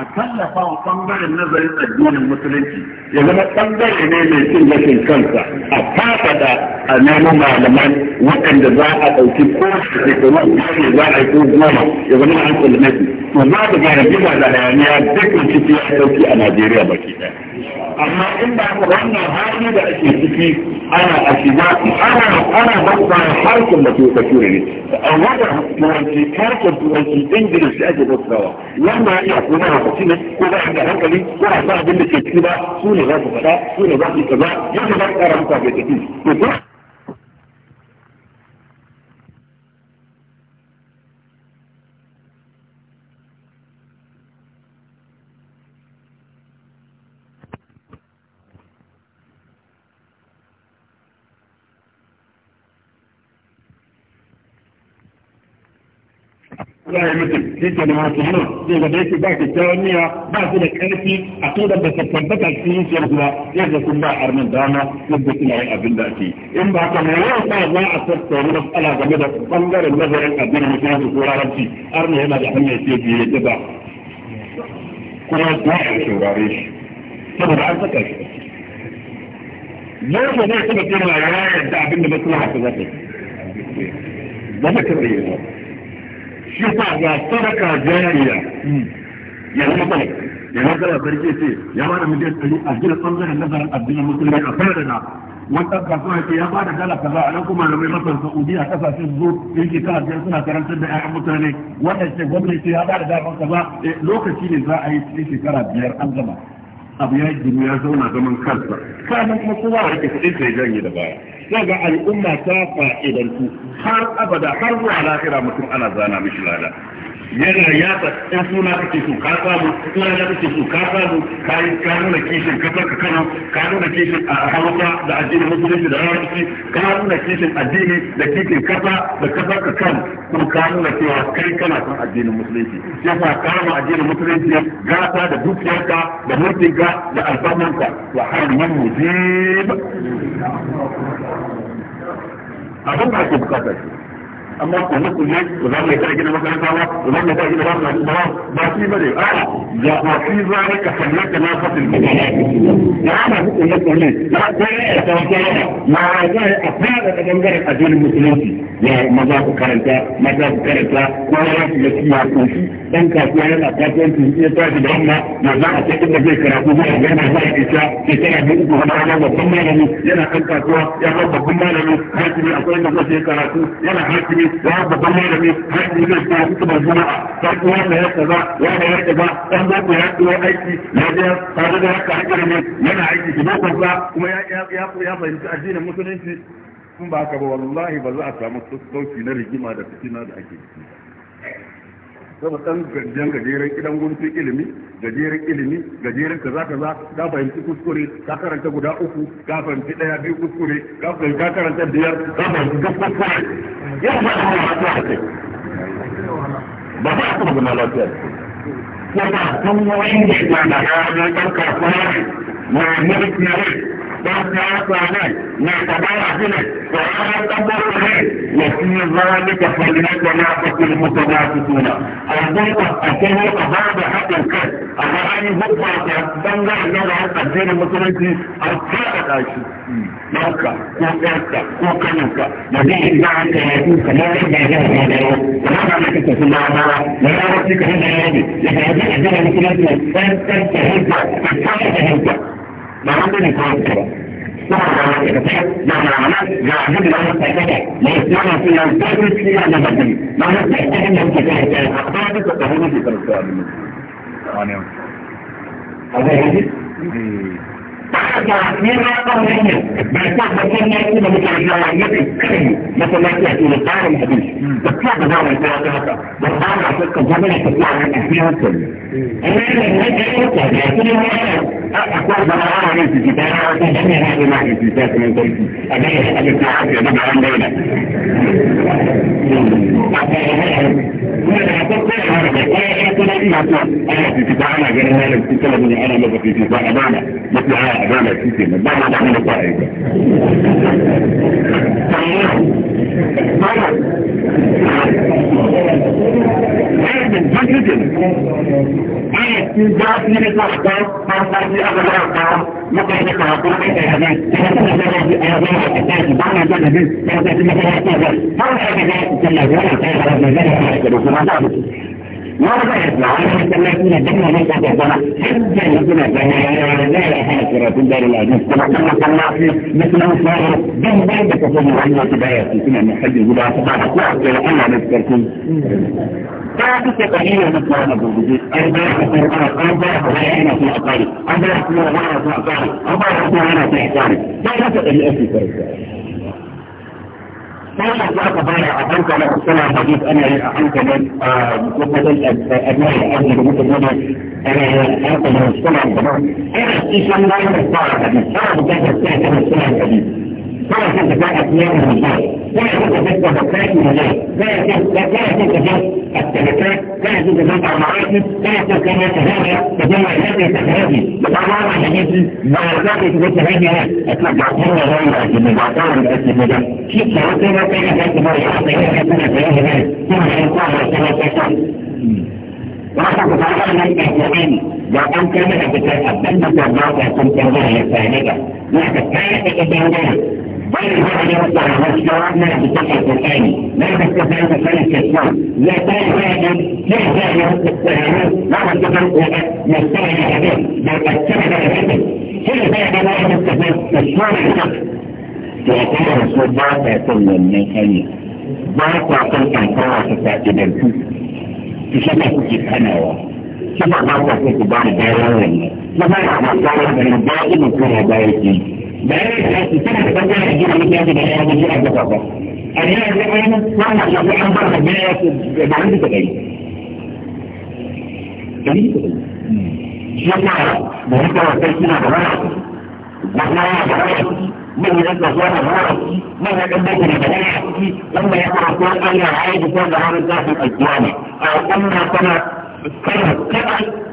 a tallafa wa ɓangaren nazarin addinin musulunci ya zama ɓangare ne mai cin gashin kansa a faɗaɗa a nemo malaman waɗanda za a ɗauki ko da kuma ne za a yi ko goma ya zama an tsulmaki to za da gara gida da hayaniya duk da ciki ya ɗauki a Najeriya baki ɗaya. amma in ba ku wannan hali da ake ciki ana a shiga ana ana bakwa harkar da tuka tura ne a wannan turanci harkar turanci ingilishi ake bakwawa wannan iya ko na hankali ne ko ba a da hankali ko a sa abin da ke ciki ba su ne za su faɗa su ne za su kaza yadda za su ƙara mutane tafi za a yi mutum shi ke da masu hana zai ga da yake ba kyakkyawan niyya ba su da ƙarfi a tudan da tabbata cikin yin kuwa yadda sun ba arnan dama yadda suna yin abin da ake in ba ka mai yawan sa za a tattauna matsala game da bangaren nazarin addinin musulunci ko larabci arnan yana da hanyar ce biye da ba kuma za a saurare shi saboda an saka shi yau ne suka ce ma ya yadda abin da masu haka za ta yi zama ta bayyana shi sa ga sadaka jariya hmm. ya zama kai yanzu kana sarki ce ya bada miliyan ɗari a gina ɓangaren nazarin addinin musulmi a fara da wata kasuwa ce ya bada dala kaza a nan kuma da mai masar saudiya kasashe su zo yake ta biyar suna karantar da ƴaƴan mutane wannan ce gwamnati ya bada dama kaza eh, lokaci ne za a yi cikin shekara biyar an gama abu ya gini ya zauna zaman kansa kanan kuma kowa da ke kuɗin sai janye da baya sai ga al'umma ta fa'idantu har abada har zuwa lahira mutum ana zana mishi lada yana yasa in suna kake so ka samu in rana kake so ka samu ka yi ka nuna kishin kasar ka kano ka nuna kishin a hausa da addinin musulunci da rarrafi ka nuna kishin addini da kishin kasa da kasar ka kano kuma ka nuna cewa kai kana son addinin musulunci sai ka kama addinin musulunci gata da dukiyarka da mulkinka da alfarmanka wa har man mujib abin da ake bukata shi amma kulle kulle ba za mu ka gina makaranta ba ba za mu gina ba mu ba ba shi ba ne a'a ya ba shi za ne ka kalle ka na fasil ba ya ana ku kulle ne na kulle ya ta wata na za a fara da bangaren addinin musulunci ya maza ku karanta maza ku karanta ko ya shi ya ci ya kunshi dan kasuwa yana kasuwanci ya tashi da amma na za a cikin da zai karatu zai gana zai isa shekara biyu uku wani ana babban malami yana kan kasuwa ya ba babban malami hakimi akwai da zai karatu yana hakimi ya ba babban malami hakimi zai ta hutu da juma'a sarki wanda ya kaza wanda ya kaza dan za ya tuwo aiki ya je tare da haka haka ne yana aiki ki ba kuma ya ya fahimci addinin musulunci kun ba haka ba wallahi ba za a samu sauki na rigima da fitina da ake ciki saboda dan gajen gajeren idan guntun ilimi gajeren ilimi gajeren kaza kaza ka fahimci kuskure ka karanta guda uku ka fahimci daya biyu kuskure ka fahimci ka karanta biyar ka fahimci duk kuskure ya ba ta ba ba ta lafiya ko ba wani da na ga mai mulki ne don siyasa ne mai tabara shi ne to ana tabbata ne ya fi zalika falinaka na fakil mutawassituna albanka akwai wata ba da haɗin kai amma an yi hukuma ta bangaren yawa addinin musulunci an faɗaɗa shi ɗanka ko ɗanka ko kaninka da zai yi za a ka yi kamar yadda ya zama da yau kamar da na kasa suna ba da yawanci kamar da yau ne ya zama da addinin musulunci ɗan ɗan fahimta a kama fahimta Bagaimana ni kalau kita? Nah, kalau kita tak, yang mana, yang ada di mana kita ada, mana sih yang bagus sih yang ada di mana kita ada yang kita ada, apa itu ketahuan kita bersuara ini. Aneh. Ada lagi? Hmm. بعد مما قوله بيتاخ بكل ما يكون متعلقين مثل ما تأتي للدار الحديث بتلاقي دار الفاتحة بالدار عشان الجبل تطلع من فيها كله أقول بلا أرى من الكتاب وتجمع هذه مع الكتاب من قلبي أبي أبي تعرف أبي عن ليلة أنا في كتابنا غير هذا الكتاب أنا ما في كتاب أنا عدالة كيكي ما ما تعمل طائفة لازم تنسجن ايه تنزعت من الاخطار فرصة في اغلب الاخطار مطلع لك عطوة انت يا هبان تحسن الزرابي اغلب الاساسي بعنا جانا بس فرصة في مطلع لك فرصة في مطلع لك فرصة في مطلع لك فرصة في مطلع لك مرة معانا كما كنا دمنا ليس تهدنا حتى يكون بنايا لا حاكرة دار الأجنس كما كنا صلى في مثل مصار دم بعد كفر معنا تبايا كنا نحج الجبعة صباح أطلع كلا أنا نذكركم فأنت قليلا مثل أنا بوجودي أربعة أربعة أربعة أربعين في أقارب أربعة أربعة في أقارب أربعة أربعة في أقارب لا يفق الأسي فرسال فهنا لا تبايع أحنك لا تصنع حديث أنا أحنك من مقبل أبناء الأهل بمثل هنا أنا أحنك من الصنع الضمان أنا في شمال الصنع الحديث أنا بجهة السنة الصنع الحديث ولا تتبع أسيانه لله ولا تتبع بكات لله ولا تتبع التبكات ولا تتبع أرمعاتي ولا تتبع هذا تجمع هذا تتهادي وطبعا هذه ما يرضاك تتبع هذه أتبع هنا هنا أتبع بعضها من أتبع شيء شرطة ما كان أتبع يعطيها أتبع هذا ثم ينقاها أتبع أتبع Masa kesalahan dari Tuhan Bahkan kami dapat terhadap dan berbuat yang sempurna yang saya Maka saya kekejangan طيب يعني يرجع المشروع ما يتفق الثاني لا يتفق الثاني كسر لا ثاني هذا يرجع يرد السيارات لا يتفق يستمع لهذا لا يتفق لهذا كل هذا لا يتفق مشروع الحق يعتبر رسول ضعف كل الميكانيك ضعف كل القوة تتأكد الكوف تشبه كيف أنا شبه ضعف كل بعض دائرة ولا ما يعمل ضعف من الدائم وكل دائرة بلاش الحاسي سنة تبدأ يجيب عليك يا جماعة يا جماعة يا جماعة أنا أجيب أنا ما أنا أجيب أنا برا جماعة بعمل تبعي جميل تبعي شو ما بنقدر نتكلم عن معناها براءتي من يرجع زوال براءتي من يتبدل براءتي لما يقرأ القرآن عادي صار ظهر الداخل الجامع أو أما كما kawai kawai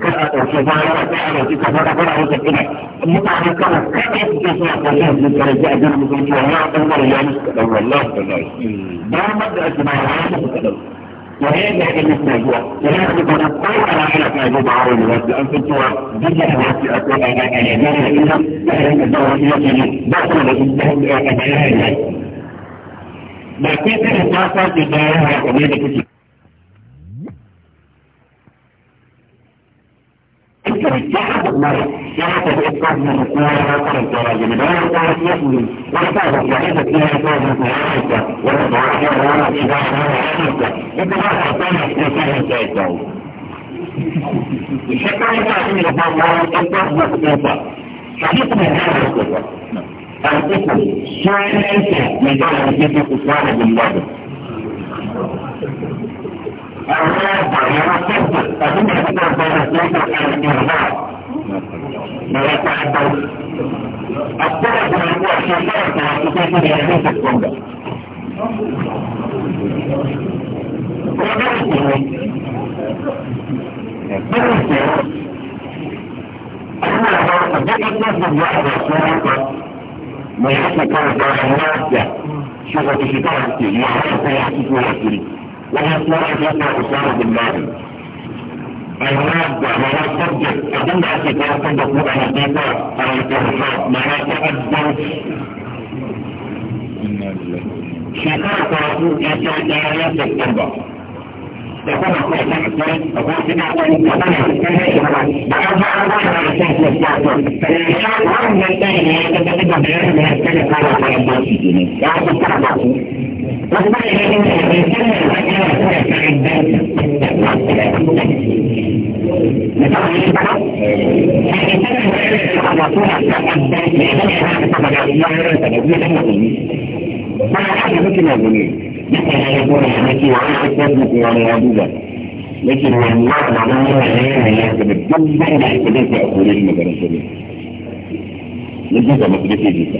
kar a ɗauki bayan ta a ɗauki kamar a fara wata ina mutane kawai kawai suke so a kwallon su karaji a jirgin sun cewa ya ɗaukar ya musu kaɗan wallahi wallahi damar da ake bayar ya musu kaɗan وهي اللي كانت موجوده ولكن كانت قوة على موجودة على الوقت أن تنتوى جدا الوقت أكون على الأجابة إلا فهي الدورة التي دخل الإنسان بأكبرها إليه لكن كانت تاسع في دورها وقبيلة كتير الكريتيات مرة لا تتأكد من الكوارع لا تتأكد من الكوارع ولا تتأكد من الكوارع ولا تتأكد من الكوارع ولا تتأكد من الكوارع ولا تتأكد من الكوارع ولا تتأكد من الكوارع ولا تتأكد من الكوارع ولا تتأكد من الكوارع ولا تتأكد من الكوارع ولا تتأكد من الكوارع ولا تتأكد من الكوارع ولا تتأكد من الكوارع ولا تتأكد من الله يرتد فهم يتكلم الارضاء لا يتعبد الطرف من هو شجرة وكتاب يهديك الكون ما يحصل كان الناس شغل في شطارتي يحصل في وهتلاقي فيها أسامة بن لادن المادة معناها السبجكت أظن أنت كانت تبدأ تقول أنا ديتا أنا الكورسات معناها تقدم شيطان تقول أنت أنا لم تتبع يكون أخوة تحسن أقول كده أقول كمان أستنى بأربع أربع على سنة الساعة فالإنسان وهم ينتهي هي تتبع بأربع سنة على 14 جنيه يعني 14 لكن والله العظيم هو هي هي بتضل احتمالات عقوليه المدرسه دي. لسه ما تجيش دي.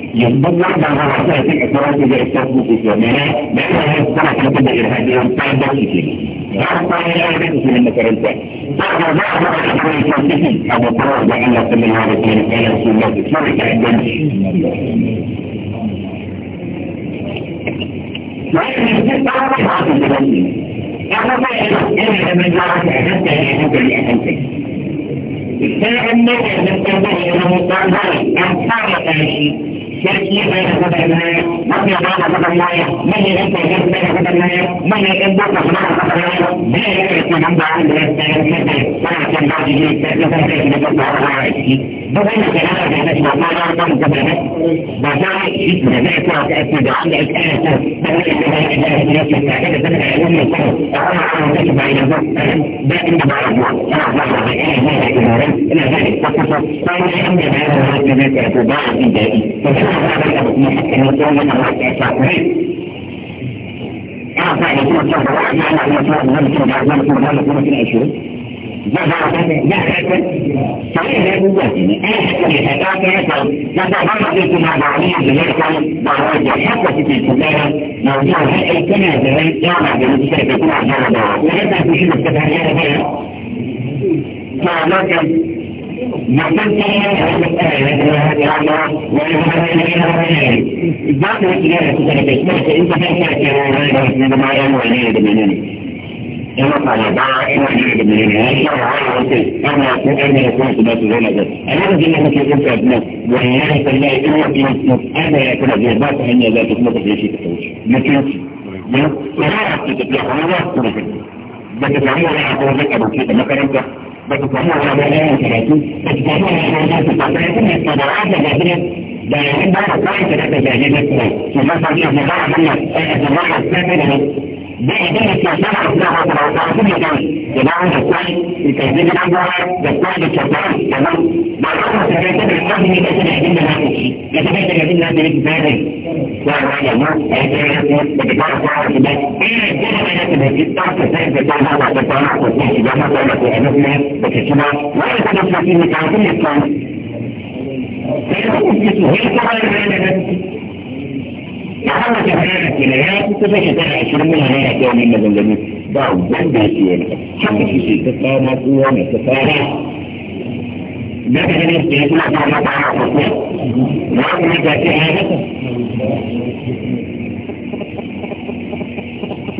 ينضم واحدة على رأسها في إقرارات إلى إسلام الإسلامية لأن هذه الصلاة كده إرهابية ومتعد بس كده بعض الصلاة لا يجب في المكرمة بعض بعض الأحوال الإسلامية أبو طرار بأن الله صلى الله عليه وسلم رسول الله تسمعك عندنا وإن الجزء أعرف عن الإسلامية أعرف إن من جارك أحدث أحدث لأحدث الساعة النبي أن تتبعي أنه تعالى أن تعرف ये मैं ऐसा करना है हम ये नाम ऐसा करना है मैं ये रिश्ते रिश्ते ऐसा करना है मैं ये एक बार का बना ऐसा करना है मैं ये इतना हम बाहर रिश्ते रिश्ते मैं अपने नाम जी रिश्ते रिश्ते के लिए बाहर रहा है कि दूसरे ने कहा था जैसे कि हमारा काम कर रहे हैं बाजार में इस महीने को ऐसे जान ऐसे ऐसे التي السائلة ذكر يوم القرن فأنا أن تجب إلى دائما مع الرجوع مع بعض الأيام مع الإمارات إلى ذلك فقط فإن الحمد لله هكذا اعتبار بدائي فشوف هذا الأمر محكم وطول من الوقت أساسي أعطى إلى كل صفحة وأعطى إلى كل صفحة وأعطى إلى كل صفحة وأعطى إلى كل صفحة 那那那那那那，咱也来不过去，哎，这里还大家走，那到他们就是那哪里人家说，那我也要过去去那个，那要来哎，这里人要哪个人在这不哪那个的，我也在不是这个那个的，那那个。نحن نحن نحن نحن إما طالبا إما جيد من الناس وعلى وسيل أما يكون أما يكون سبات غير ذلك أنا أجل أنك يكون في أبناء والله تلاقي إما في أما يكون أجيبات أن لا تطلق في شيء تحوش لكن ولا أعطي تطلق ولا أعطي تطلق بس تعمل ولا أعطي تطلق أبو كيتا مكانك baka samu wani bayan karatu ba ki samu wani bayan su ba karatu ne ka da ra'a da gina da yayin da ka kai ka da ka jaje da ku ki ma samu ya fara wannan sai ka fara sai da ده ذلك يصنع لها جدا يبقى ده كويس التسجيل الأول ده كويس الشطان تمام بعد ما تجد الحمد لله تجد لها شيء يتجد تجد لها ذلك فارغ وعلى ما يتجد بتبارك على الله ايه ده انا كنت بتعرف ازاي بتعمل على بتعمل وتنسى جامعه ولا تعمل بتكتبها ولا تنسى في مكان كل كان ya hana ta hana ta kila ya fi kusa shekara ashirin muna hana ta wani maganganu ba wanda ya ce wani haka shi ce ta tsara kowa mai ta tsara da ta gani ta kuma ta hana kuma na kuma ta ce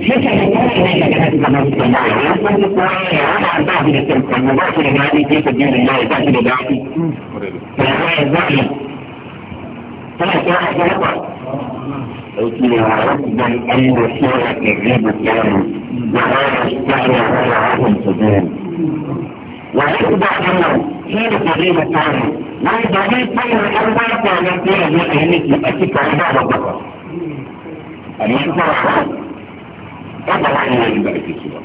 لكن ربما أن يصير الريب الثاني وهذا الثاني هو عدم سجون ويوضح أنه حين الريب الثاني ما يبغي كل الأربعة التي يجب أن يتأتي كهذا البقر أن ينظر على wannan hanyoyin da ake cewa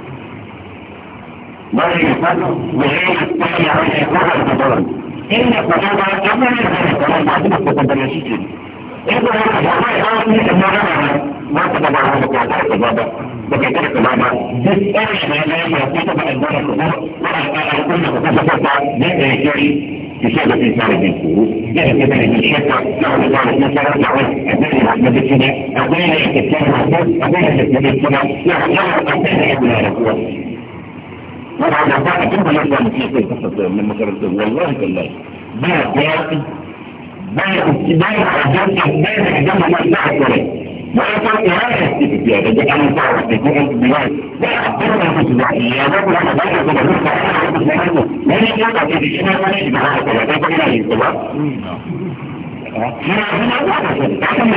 bari ya fado da ya yi ta yi hanyar ya fara da daban inda kwata ba ya fara da daban ba su da kwata da shi ke in ba haka ba ba ya fara da daban ba su da ba haka ba ta da daban بكتير كماما دي ايه ما لا يمكن ان يكون ولا يكون متفقا لكي يشهد في إثارة الفروس جاءت كمان الشركة نعم إثارة مثلا نعم أبنى أحمد السنة أبنى يتكلم عبود أبنى يتكلم السنة نعم نعم أبنى يبنى رسول طبعا أبنى كم يرضى مسيحي تحت لما شربت والله بالله بقى قياسي بقى اتباع عجبت أبنى عجبت مرتاح كمان وإذا كانت الزيادة بأن تعرف بكل الدماء لا أقدر أن تسمع إياما ولا أقدر أن تسمع إياما لا يجب أن تسمع إياما ولا يجب أن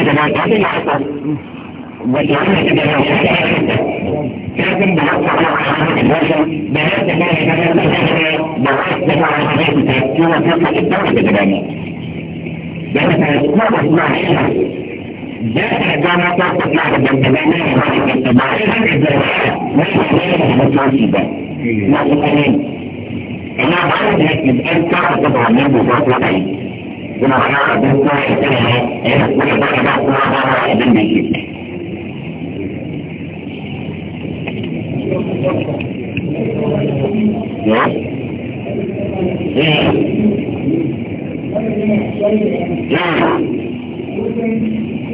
تسمع إياما وجعلنا كده لازم نحصل على الوجه بهذا ما يتمنى بحث على حاجات تفكير وفقه الدولة كمان ده ما اسمعش مع الشعب جاء جامعة تطلع بالجمالية وحركة الطبيعية الزراعية مش مدينة متناسبة مصريين أنا بعرف إنك أنت طبعا من بوضع وضعي كنا بنعرف بنت كده إيه كنا بقى بقى بقى بقى بنجيب Yeah. Yeah.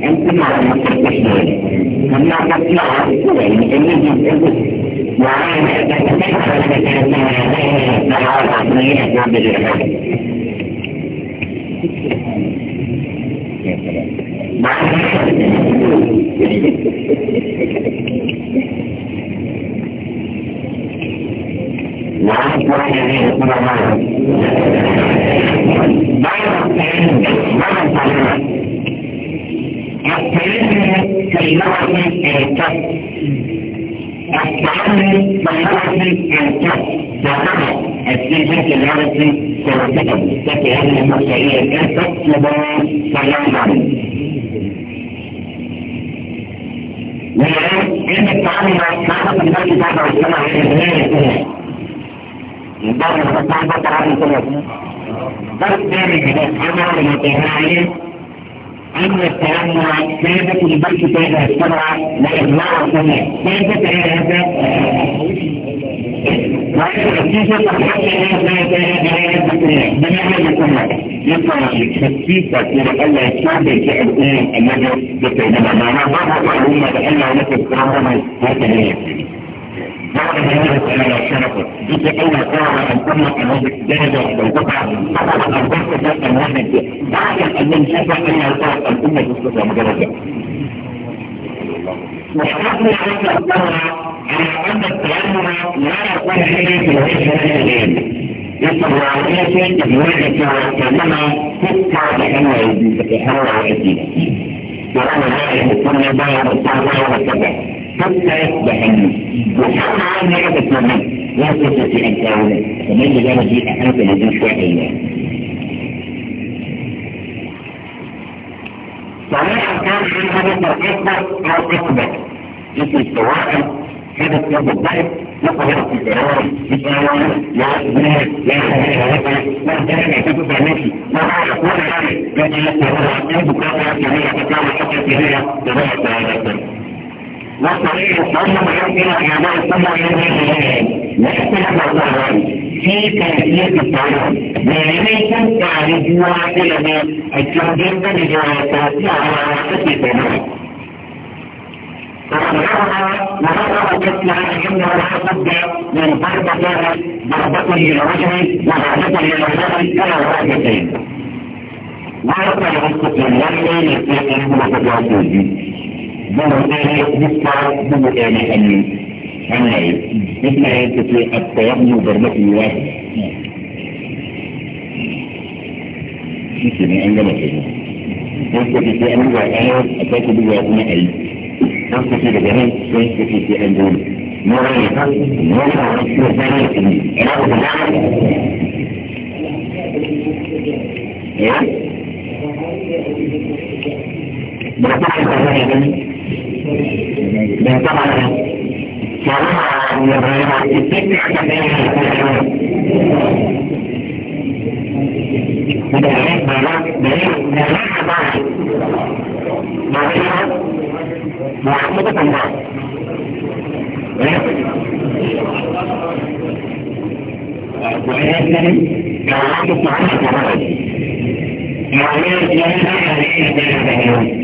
em cứ làm những cái việc này hắn đang đặt nhỏ của những cái nhân dân cái gì và cái cái cái cái cái cái làm này làm việc này mà Hãy subscribe cho kênh Ghiền Mì Gõ Để không bỏ lỡ những video hấp dẫn التعلم في كلمة الكف التعلم في ممنوعة الكف وقع السجن كلمة سرطان لكن هذه المسائية كانت تطلب سلام عليه وإن التعامل مع الصحابة النبي صلى الله عليه وسلم على الهداية كلها يبقى الصحابة التعامل كلها بس دائما هذا أن التنوع ثابت البيت كذا السبعة لا يجمعها كذا ثابت هذا رأيت الكيسة تحكي هذا هذا من هذا كذا يطلع الكيسة إلى ألا ثابت الإنسان الذي يتعلم معناه بعض العلوم بأنه نفس الكرامة هكذا يكفي بعد ذلك أنا أشرفه دي أول قوة أن تملك هذه الدرجة والقطعة فقط أن تستطيع أن واحد بعد أن ننشفع أن يلقى الأمة تستطيع مجرد وحرصنا على الدورة على أن التأمر لا يكون عليه في الوجه الغير يتبعونيك بواجهة وكلمة تسعى بأنه يتحرر ويتيب ان ذلك كل ما يتحرر وكذا حتى يصبح النبي وحال عن عادة النبي لا في أن تعود فمن اللي جاب دي أحد الذي شاء الله صحيح كان في حدث أكبر أو أكبر مثل سواء حدث الضيف الضعف يقهر في القرار يتعاون لا يبنيه لا يحرقه لا يحرقه لا تدفع نفسي لا لا لا لا لا لا لا لا لا لا لا أعرف ولا أعرف لا يتعاون أنه كان يتعاون حتى لا تبعت هذا والطريق أن يمكن أعداء السنة الذين لا اختلاف الظاهر في كيفية الطريق وليس تعرف واحدة التنظيم بدراسات على علاقة الطريق وهذا مثل أنه لا بد من ضربة ضربة للرجل وضربة للرجل كما ضربتين. ما يقع القصة الوحيدة التي يمكن أن تكون مرة مثل من يعني أن أنا مثل ينتفي التيمم برمتي واحد مثل أن لم تكن ينتفي في أمر وآيات أتاك بجوابنا أي ينتفي بجنان ينتفي في أنجول مرة مرة مرة مرة مرة طبعا شريعة من الرياضة الست محمود الله وإذن كان عندك معرفة يعني يعني يعني يعني يعني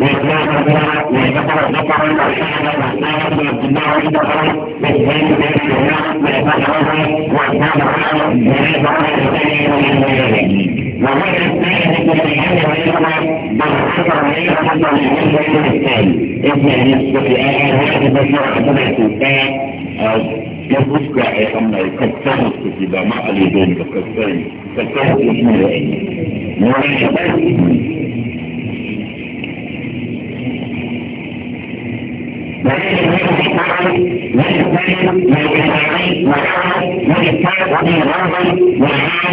وإطلاق الدرع ويذكر ذكرا والشعر والسائر والاتباع والدخل والزين والشعر والفجر وإطلاق الرأي ويذكر الإنسان ومن غيره وغير الثاني التي يجعل ويقرأ بالخطر ويقرأ من غير الثاني إذن يسقط الآن هذا بشرة تبع السلطان ya fuska a yi amma ya kakkan su ki ba ma alidon da kakkan kakkan su ne ya yi. Mawai ya bai ولكن ليس في العمل ليس بين الإمامين والعمل والإسلام والإرادة والعامة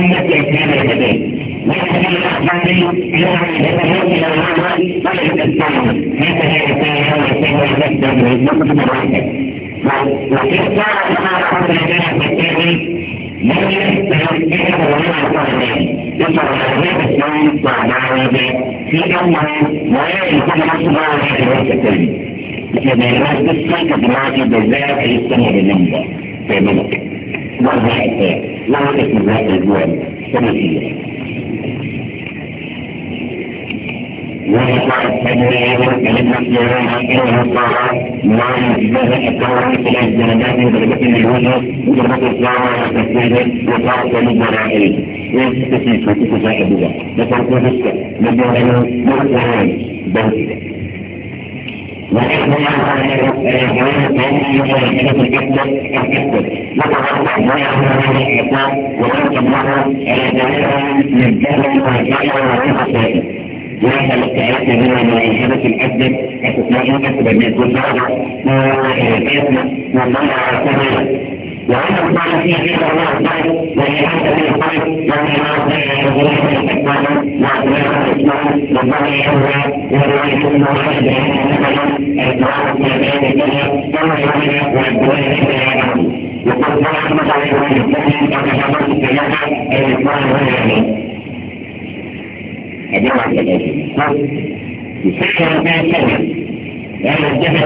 الإسلام الجديد ليس في الأخبار إلا أن يتميز إلى العمل وليس الإسلام ليس في الإسلام والإسلام والإسلام والإسلام والإسلام وفي الساعة ما أخذ الإسلام الجديد لم يستمر كيف ولا قرنين ثم رجعت الشمس وعلى في أمر ولا يكون أصبع في الوقت الثاني التباينات لسه دلوقتي بالذات لسه مجنونة في ملك وضع الآن لغة اتجاه الجوال سنتية ويقع التدريب لنفسه وحقه الطاعة مع انتباه التورط إلى الدرجات ودرجات الوجه ودرجات الطاعة والتسليل وطاعة الجرائم ويستفيد وتتساعد بها لتركه السكة للجرائم والطاعة بوتك ونحن نعرف ان الحيوانات هذه مشاركه جدا جدا نتوقع منها هذا الاعطاء ولكن لها الجميع من جهل وجهل وجهل وهذا الاستعادة من الهدف الأسد استثناء الأسد من كل درجة وإعادتنا ومنع كل وأنا أقول في جد الله خير ولهذا الخير ومن أعطي أجره الإكرام وأجره الإسلام وبني الله ورأيتم وحيد أنفسكم إكرام في بين الدنيا كما يعمل والدنيا في العالم وقد ضربت عليه المسلمين كما ضربت في مكة الإكرام والعلم أجمع الأجمع في سكة من سنة لأن الجبل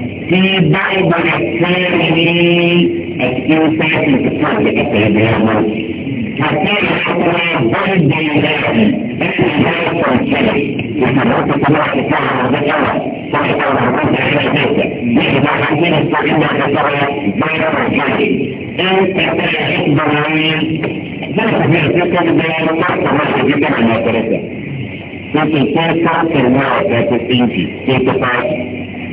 في بعض أحكامه الإنسان تتصل بأسبابه فكان حتى ضد الإله أن لا تنسلك لكن رب الله سبحانه وتعالى سبحانه وتعالى ذاته إذا حكيم استقيم فسرى غير مرجعي أنت تعرف ضروري لا تفكر بأن الله سبحانه وتعالى ما تركه لكن كيف تنوع ذات الإنجي كيف تعرف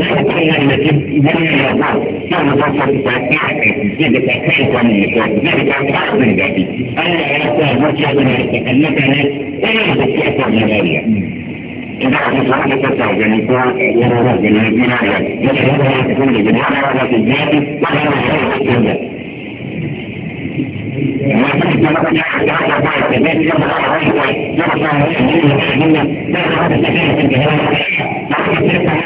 الحكاية التي لم يضع كان وصف تتعطي بتتعطي عن بتتعطي من ذاتي أنا أردت وجه من أنكنا أنا بتتعطي من ذاتي إذا أصبحت تتعجل يرى رجل من عيال يشهدها تكون لجميع رغبة الذات ولا يشهد السنة Thank you.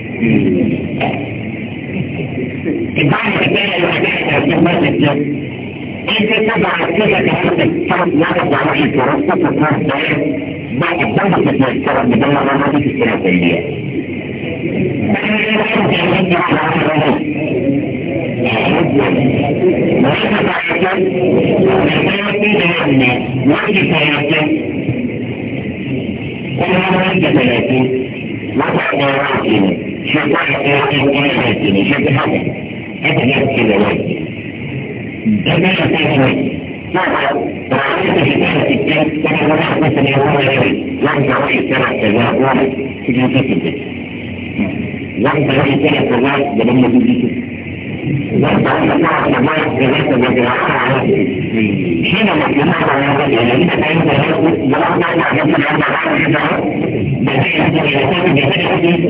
البعض الثاني الوحيد في المسجد انت تبع كده كانت الفرد يعرف على واحد ورصة الفرد بعد الضربة في الفرد بدل ما مرضت الثلاثية واحد ثلاثة كل مرة ثلاثة واحد ثلاثة شيء واحد شيء هذا هذا لا يمكن الوجه كما يقول وعليك بذلك الكلام كما ذكرت مثلا يقول لي لم ترى الكلام كذا واحد في جنسية البيت لم ترى الكلام كذا بدل ما تجي حينما تنظر على هذا الذي فانت يقول لا تنظر على هذا الذي يقول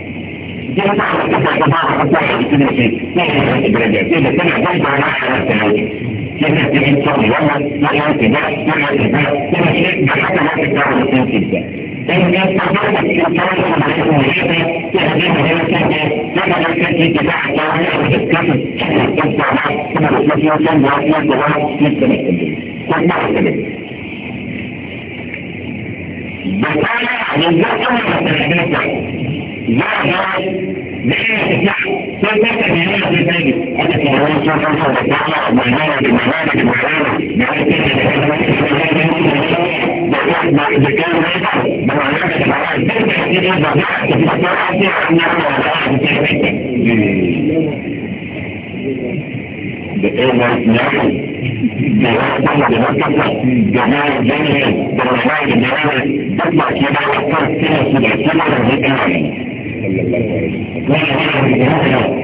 جمع جمع جمع واحد اثنين اثنين اثنين درجات اذا كان جنب على حرف ثانوي كيف تجي تصلي ولا ما يمكن لا ما يمكن لا كيف شيء حتى ما تتعرض للتنفيذ إن كان تفضلت في الطريق معكم وشيطة تهديم هنا كانت لما لم تكن تباع الطريق وتتكفل تبتع معك كما بسمك يوصل وعطية دوار يتبع التنفيذ قد ما التنفيذ بس أنا عن الزرق أنا بتنفيذ مع بعض لا يصلح فلن تتجاوز ذلك أنك لو صرفت وتطلع معناها بمعناها بمعناها معناها إذا كان يقع بمعناها بمعناها بس حقيقة بمعناها تتطلع فيها أنها معناها بتتجاوز بإذن نحن دراسة دراسة جمال جميل دراسة جمال تطلع كده وتطلع كده كده كده كده صلى الله عليه وسلم وعلى آخر بهذا الأمر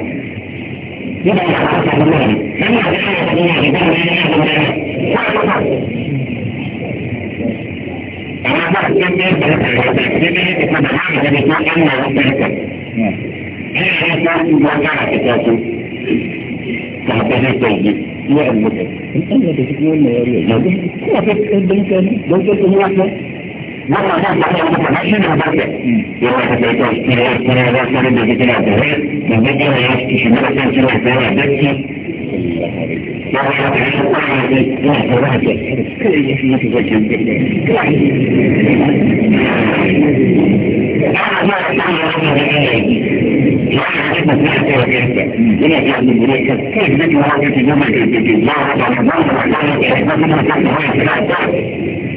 يبقى الخطأ على الله لم يقل أحد من أهل الدار لا يعلم لا يعلم لا يعلم wannan ba ta yi masa shi ne barka yawa ta kai kai kira ya kira ya kira da kira da rai da zai kira ya shi ne kan kira da ya dakki ya ba ta yi kwari da zai kira da rai da kai ya shi ne zai kira ana ba ta yi wani da ya yi ya yi da zai kira da ya yi yana da abin da ya kai kai zai kira da ya yi ya ba ta yi wani da ya yi ya ba ta yi wani da ya yi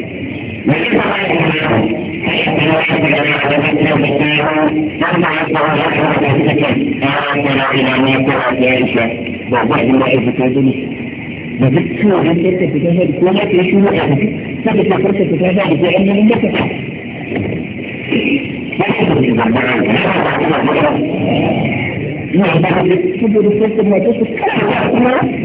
da duk suna hanyar da fita da ko ma ke shi ne a tafi sai ta farka fita da ko an nan da ta ba ta da ba ta da na ba da cikin rufin da ta su kara kuma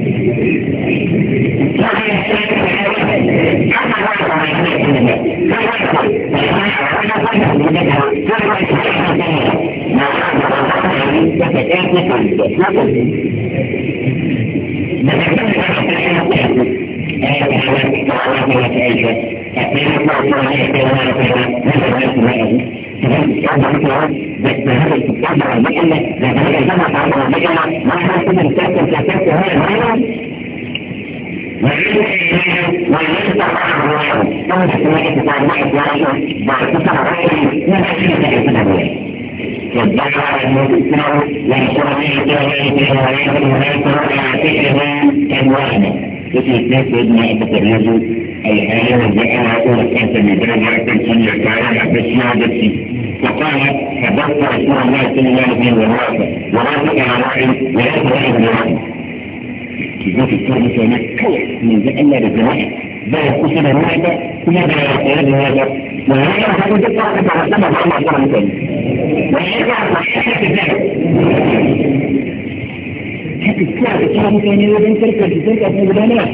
Thank you. فهم الجامعة مثلا بس هذا الجامعة مجلة لكن هذا الجامعة تعمل مجلة ما احنا كنا نتاكل تاكلت هاي هاي ويقول yake kai sai na abubakar ya zo alhali wanzu ana ɗora kansa mai daraja a kan cinya tare a gaskiya da shi فقال حدثت رسول الله صلى الله عليه وسلم ورافق على راعي ورافق على راعي في التربة هناك كوي من ذا الله بالجماعة ده يقصد الرعبة ثم ده يقصد الرعبة وهذا هو ده قاعدة على سبب الله سبحانه وتعالى وهذا هو حاجة ذلك iska da ta mutane wajen karkar da karkar na gudana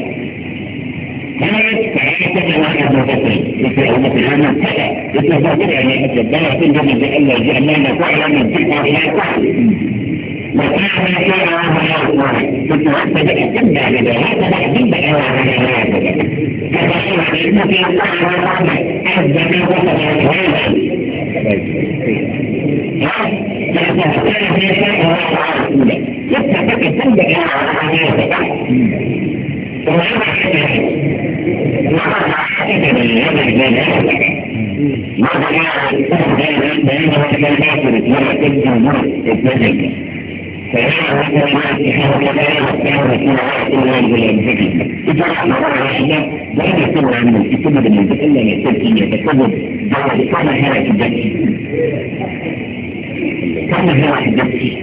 كانت ساعتها وانا مبطل يقول انا في هذا السنه يقول بقول يعني الجبار في الجنه بان الجنه فعلا من تلك الى وكان كان هذا الله تتوسل الجنه لذلك بعدين بقى هذا كما قال ان في الله ورحمه الجنه وصل هذا ها؟ فكان في شيء الله رسوله يبدأ بك تنبع على حاجاتك ومعنا حاجة ومعنا حاجة من يدك من يدك مرة يعني تنبع بأنه كان باكر مرة تنبع مرة تنبع فهذا هو ما في حاجة لا يمكن أن يكون عارف ولا يمكن إذا مرة واحدة لا يكون عن الكتب بالمنطق إلا يكون إن يتكون بعد كان هذا الدكتور كان هذا الدكتور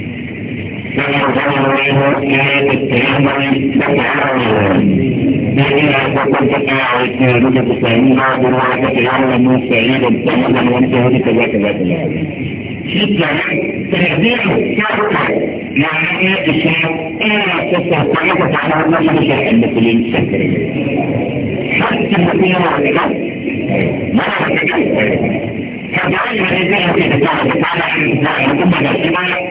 يعلم سعيدا طيبا وانت هذه كذا كذا كذا شكرا تهديره كبرة معنى ايه الشيء ايه تصل طريقة على النظر شيئا لكلين شكرا حتى هديه وعلقات ما هو كذا فجعلنا هديه في تساعد تعالى عن تساعد ثم نسمع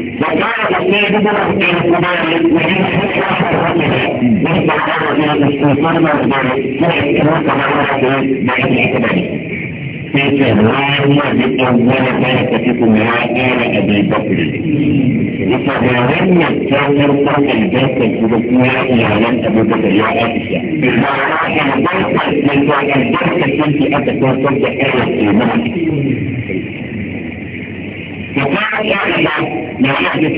وجعل الله بدرة من القبائل ومن حكمة الرحمة من تعرض إلى الاستيطان والإدارة واحتراق مراحل بعد الاحتمال تلك الرحمة بأول ثلاثة وعائل أبي بكر وتضامن الكافر قبل الجلسة الفلسطينية إلى علم أبو بكر يا عائشة فراح البركة التي أتت وصلت إلى الإيمان فقال أي على ما حدث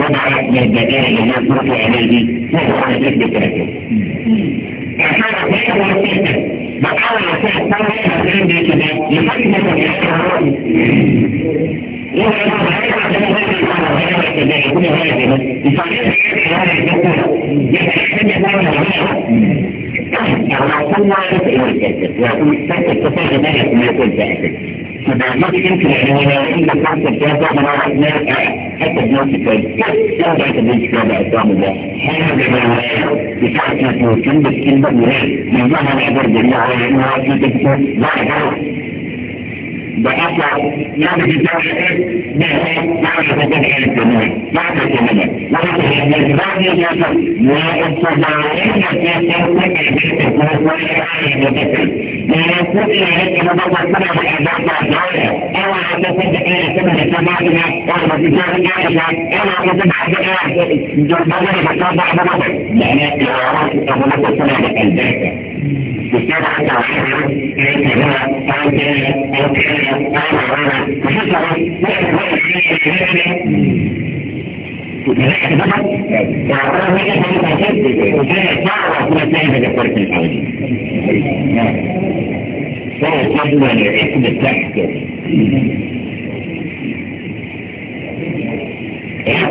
وضعت للدجاج لما صرف عليه وهو على كذب التركه فكان غير مستحدث بقول الشيخ صار يحسن به كده يحدث الحكم يقول فبعملت انت يعني هنا انت تحت الكتاب انا واحد حتى بنفس الكتاب لا بعد بنفس الكتاب اعتام ده ما بأطلع يعني بتاعي بها بعد فتاة آل الكمال بعد الكمال وقت من بعد الوصف والتضارين في صوت البيت الكوفي على المتكل ويقول إلى هيك أنا بقى كنا بأداء بعضها أو على تصدق إلى كنا لسماعنا أو بتجاه الجائزة أو على تصدق حاجة جربنا بتصدق بمضي لأن الإعارات أغلق السنة بألباكة بتاخد عشان لان هو عن ده او كده او غيره مفيش عمل واحد واحد فيه كده Yeah.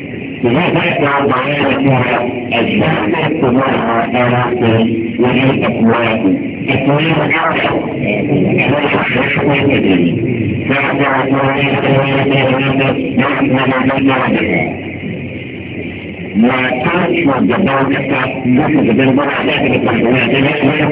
لماذا تعباناتها الشخص اجتماعها آلاتي وهي أكواتي تكوين أعلى ويحشوي تدري فأعطى أكواتي ويحشوي تدري وتعرف الجبار تحت نفس الجبار على ذلك التحولات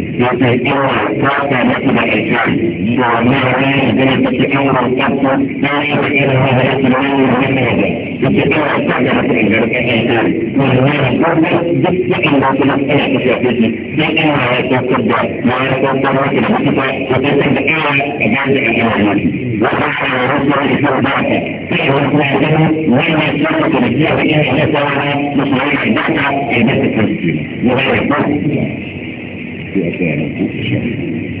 yake yawa sata na kuma aika da wannan ranar da ne take kan rantsa na shi da irin wannan yake da wannan wannan da yake kan rantsa da mutum da rike aika wannan wannan duk yakin da kuma ina tafiya da shi dan ina ya tsakar da na ya tsakar da shi da kuma wannan da ina da ganda da ina wannan wannan da rabbana isarbata sai wannan da wannan da kuma da ina da ina da wannan da kuma da ina da ina da في أفعال الشريف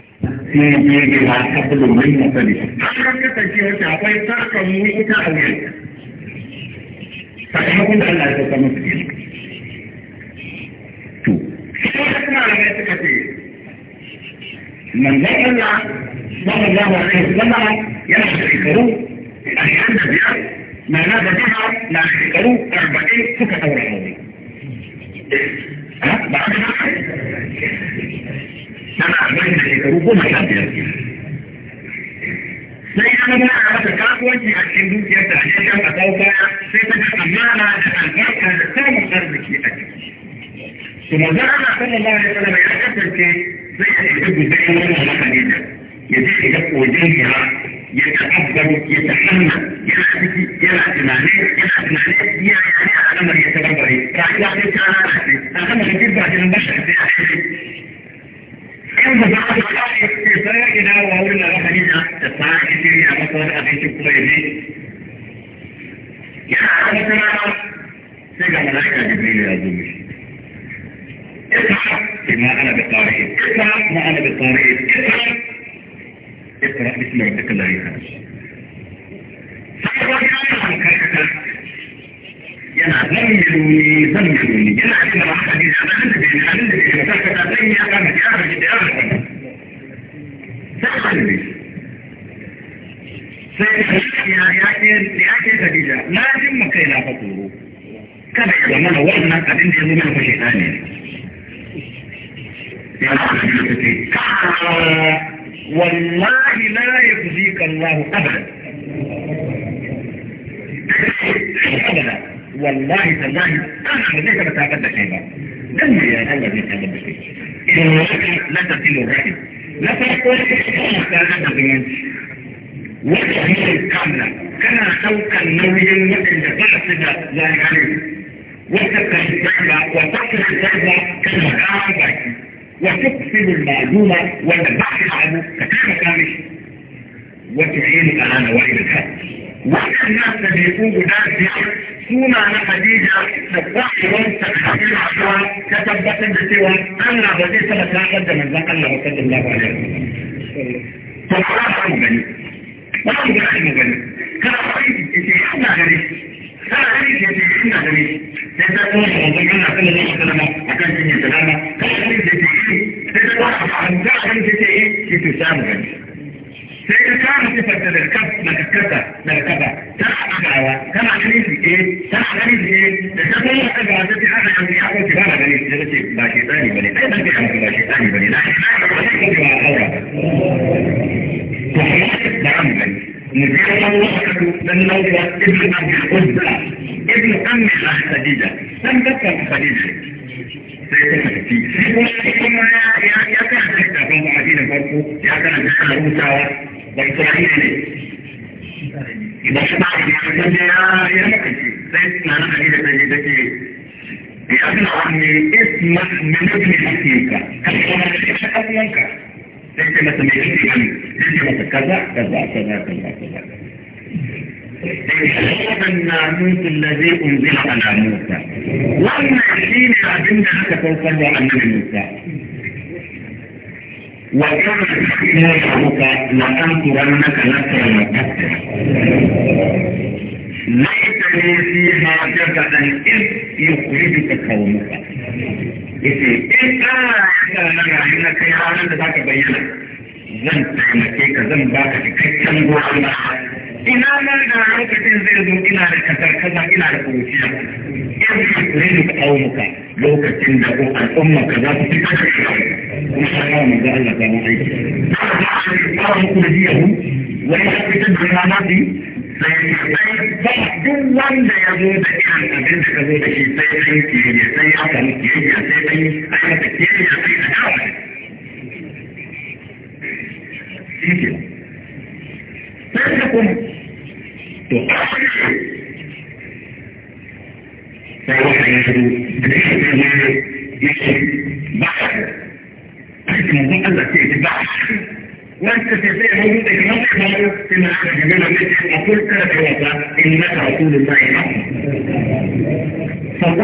sai ya je ga hakikul min masali har ka tafi wata akwai tarkan mu ita a wurin sakamakon da Allah ya saka musu to sai ka tana da mai suka ce manzon Allah sallallahu alaihi wasallam yana da shekaru ashirin da biyar na na da na shekaru arba'in suka ɗaura aure hukumar ta biyar sai an gana mata kasuwanci a cikin dukiyar ta ne kan a sauka sai ta ga amana da albarka da samun arziki a ciki to manzon Allah sallallahu alaihi wasallam ya kasance zai ya tafi gudanar da wannan hadisi ya je ya kojin ya ya ta'abbaru ya ta'anna sai kuma ci ya ya kana da kan aji ya kana da da ya kaza kaza kaza kaza kaza هذا الناموس الذي أنزل على موسى والناشين أبنى حتى توصل عن موسى وكما تحكيها ربك لأنصرنك نصرا مؤثرا ليس لي فيها جزعا إذ يخرجك قومك إذا in kana haka أنك yayin na kai ranar da zaka bayyana ina ma da lokacin zai zo ina da kasar ina da kuruciya yanzu ka kawo muka lokacin da ko al'umma ka za su fita da shi kuma ta kawo mu ga Allah ta mu aiki kawo muku da jiya wani ya fita da rana bi duk wanda ya zo da irin abin da ka zo da shi sai sai kiyayya sai ya samu kiyayya sai sai aikata kiyayya sai ta kawo shi Pensa como. É o centro grande de Bárbara. Não vou aqui, de Bárbara. Mas se você é que não tem uma coisa que ela tem lá, tem nada altura, está em nada.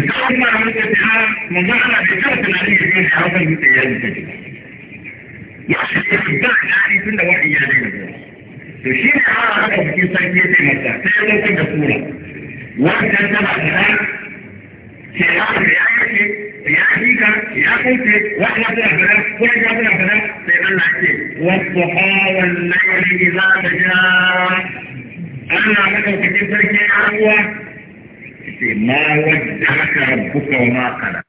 تتعمر من الاتهام مجرد بكرة العليم من حرف المتيان التجربة يحصل يتبع يعني كل واحد يعني تشير على هذا في سيكيتي مثلا تقول في دكتورة وانت تبع الآن سيحصل رعايتي رعايتك رعايتك واحنا بنعملها واحنا بنعملها سيقول لك والضحى والليل إذا تجاه أنا مثلا في سيكيتي ce ma wadda aka rabu kawo ma kana